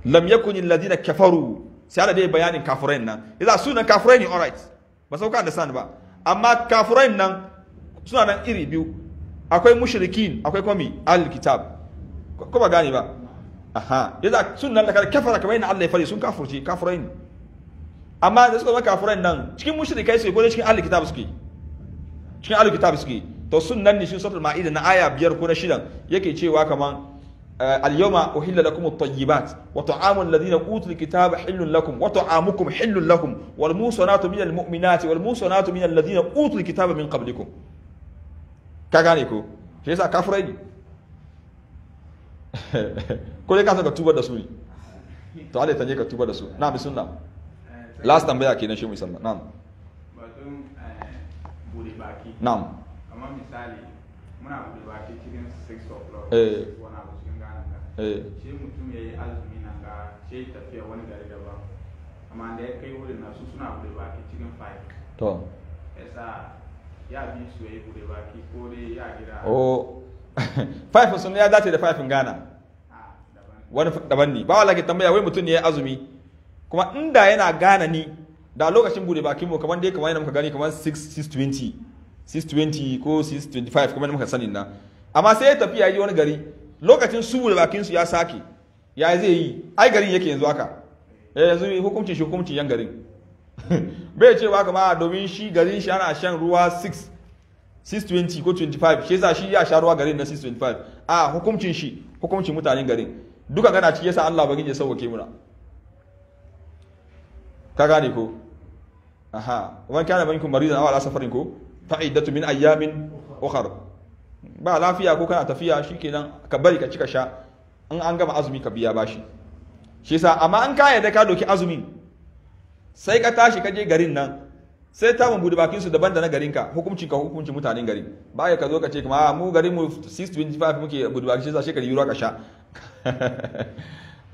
lam yakun allazina kafaru sai Allah dai bayanin kafirai nan idan sunan kafirai ne alright ba sauka understand ba amma kafirai nan suna nan iri biyu akwai mushrikin akwai kuma mi ahli kitab ko ba gane ba aha idan sunan da kafara kamar yana Allah ya fari sun kafurci kafirai ne amma da suka zama kafiran nan cikin mushrikai suke ko ne cikin ahli kitab suke cikin ahli kitab suke to sunnan ne shi suratul na aya biyar kuna na shidan yake cewa kaman eh, al yawma uhilla lakum at tayyibat wa ta'amul ladina utul kitaba hillun lakum wa ta'amukum hillun lakum wal musanatu minal mu'minati wal musanatu minal ladina utul kitaba min qablikum ka gane ko shi yasa kafirai ko dai ka ka tuba da su to Allah ya tanje ka tuba da na bi sunna last tambaya kenan shi musamman na'am batun eh, bude baki na'am kamar misali muna bude baki cikin 6 o'clock eh wani abu cikin ganin eh shi mutum yi azumi na ga shi tafiya wani gari daban amma da ya kai wurin nasu suna bude baki cikin 5 to yasa ya bi su yi bude baki ko dai ya gida oh 5 sun ya dace da 5 gana ah, wani daban ne ba wala ke tambaya wai mutum ne ya azumi kuma inda yana gane ni da lokacin bude bakin mu kamar dai kamar yana muka gani kamar 620 620 ko 625 kamar muka sani na amma sai ya tafi ya yi wani gari lokacin su bude bakin su ya sake ya zai yi ai garin yake yanzu haka eh yanzu hukumcin shi hukumcin yan garin bai ce ba kama domin shi garin shi ana shan ruwa 6 620 ko 25 shi yasa shi ya sha ruwa garin na 625 a hukuncin shi hukuncin mutanen garin duka gana ciki yasa Allah bagin ya sauke muna ka gane ko aha wani kana minkum maridan aw ala ta ko fa'iddatu min ayyamin ukhra ba lafiya ko kana tafiya shikenan ka bari ka cika sha in an gama azumi ka biya bashi shi sa amma an kaya da ka doki azumi sai ka tashi ka je garin nan sai ta bude bakin su daban da na garin ka hukuncin ka hukuncin mutanen garin baya ka zo ka ce kuma ah, mu garin mu 625 muke bude bakin shi yasa yi yuro ka sha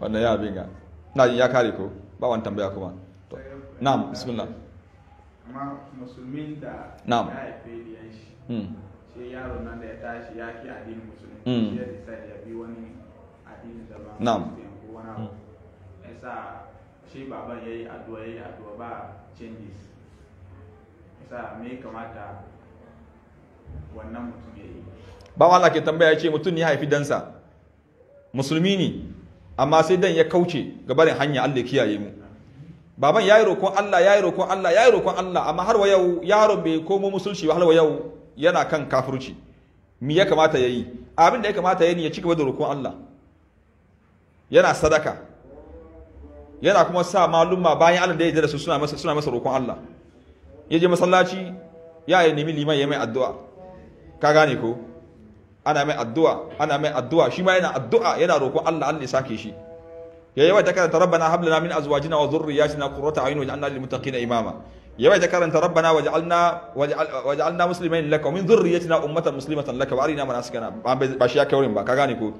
wannan ya abin ga na ya kare ko ba wani tambaya kuma na'am bismillah amma musulmin da ya haife diyan shi hmm. sai yaro nan da ya tashi ya ki addinin musulmi hmm. shi ya decide ya bi wani addinin da ba na'am ko wani abu hmm. yasa shi baban yi addu'a ya yi addu'a ba changes yasa me kamata wannan mutum ya yi ba Allah ke tambaya ce mutum ya haifi dansa musulmi ne amma sai dan ya kauce gabarin hanya Allah ya kiyaye mu baban ya yi roƙon Allah ya yi roƙon Allah ya yi roƙon Allah amma har wa yau yaron bai komo musulci ba har wa yau yana kan kafirci me ya kamata ya yi? abin da ya kamata ya yi ya cigaba da roƙon Allah yana sadaka yana kuma sa malumma bayan Allah da ya jira su suna masa suna masa roƙon Allah ya je masallaci ya yi nemi liman ya mai addu'a ka gane ko ana mai addu'a ana mai addu'a shi ma yana addu'a yana roƙon Allah Allah ya sake shi ya ta karanta rabbana hab lana min azwajina wa dhurriyyatina qurrata a'yun waj'alna lil muttaqina imama yawaita karanta rabbana waj'alna waj'alna muslimin lak wa min dhurriyyatina ummatan muslimatan lak wa arina manasikana ba shi ya kaurin ba ka gane ko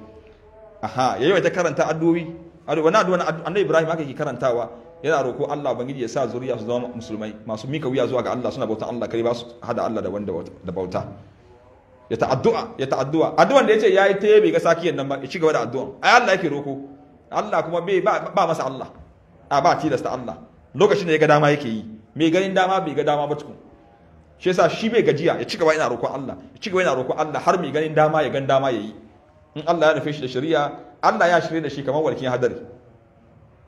aha ya yawaita karanta addu'o'i wannan addu'a annabi ibrahim aka ke karantawa yana roko Allah bangiji ya sa zuriya su zama musulmai masu mika wuya zuwa ga Allah suna bauta Allah kare ba su hada Allah da wanda da bauta ya ta'addu'a ya ta'addu'a addu'an da yace yayi ta bai ga sakiyan nan ba ya ci gaba da addu'an ai Allah yake roko Allah kuma bai ba masa Allah a ba tilasta Allah lokacin da ya ga dama yake yi mai ganin dama bai ga dama ba tukun shi yasa shi bai gajiya ya ci gaba yana roƙon Allah ya ci gaba yana roƙon Allah har mai ganin dama ya gan dama yayi in Allah ya nufe shi da shari'a Allah ya shirye da shi kamar walkin hadari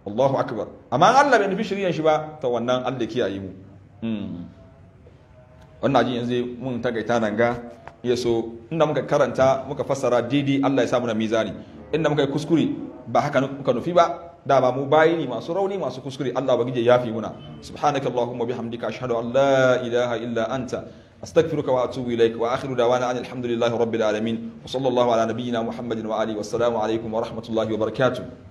Allahu akbar amma Allah bai nufi shari'an shi ba To wannan Allah kiyaye mu hmm. wannan ajin yanzu mun tagaita nan ga iya so inda muka karanta muka fassara daidai Allah ya samu na mizani inda muka yi kuskure ba haka muka nufi ba ba mu bayi ne masu rauni masu kuskure Allah bagije yafi muna subhanaka allahumma bihamdika ashhadu an la ilaha illa anta astaghfiruka wa atubu ilaik wa akhiru dawana anil hamdulillahi rabbil alamin wa sallallahu ala nabiyyina muhammadin wa alihi wassalamu alaikum wa rahmatullahi wa barakatuh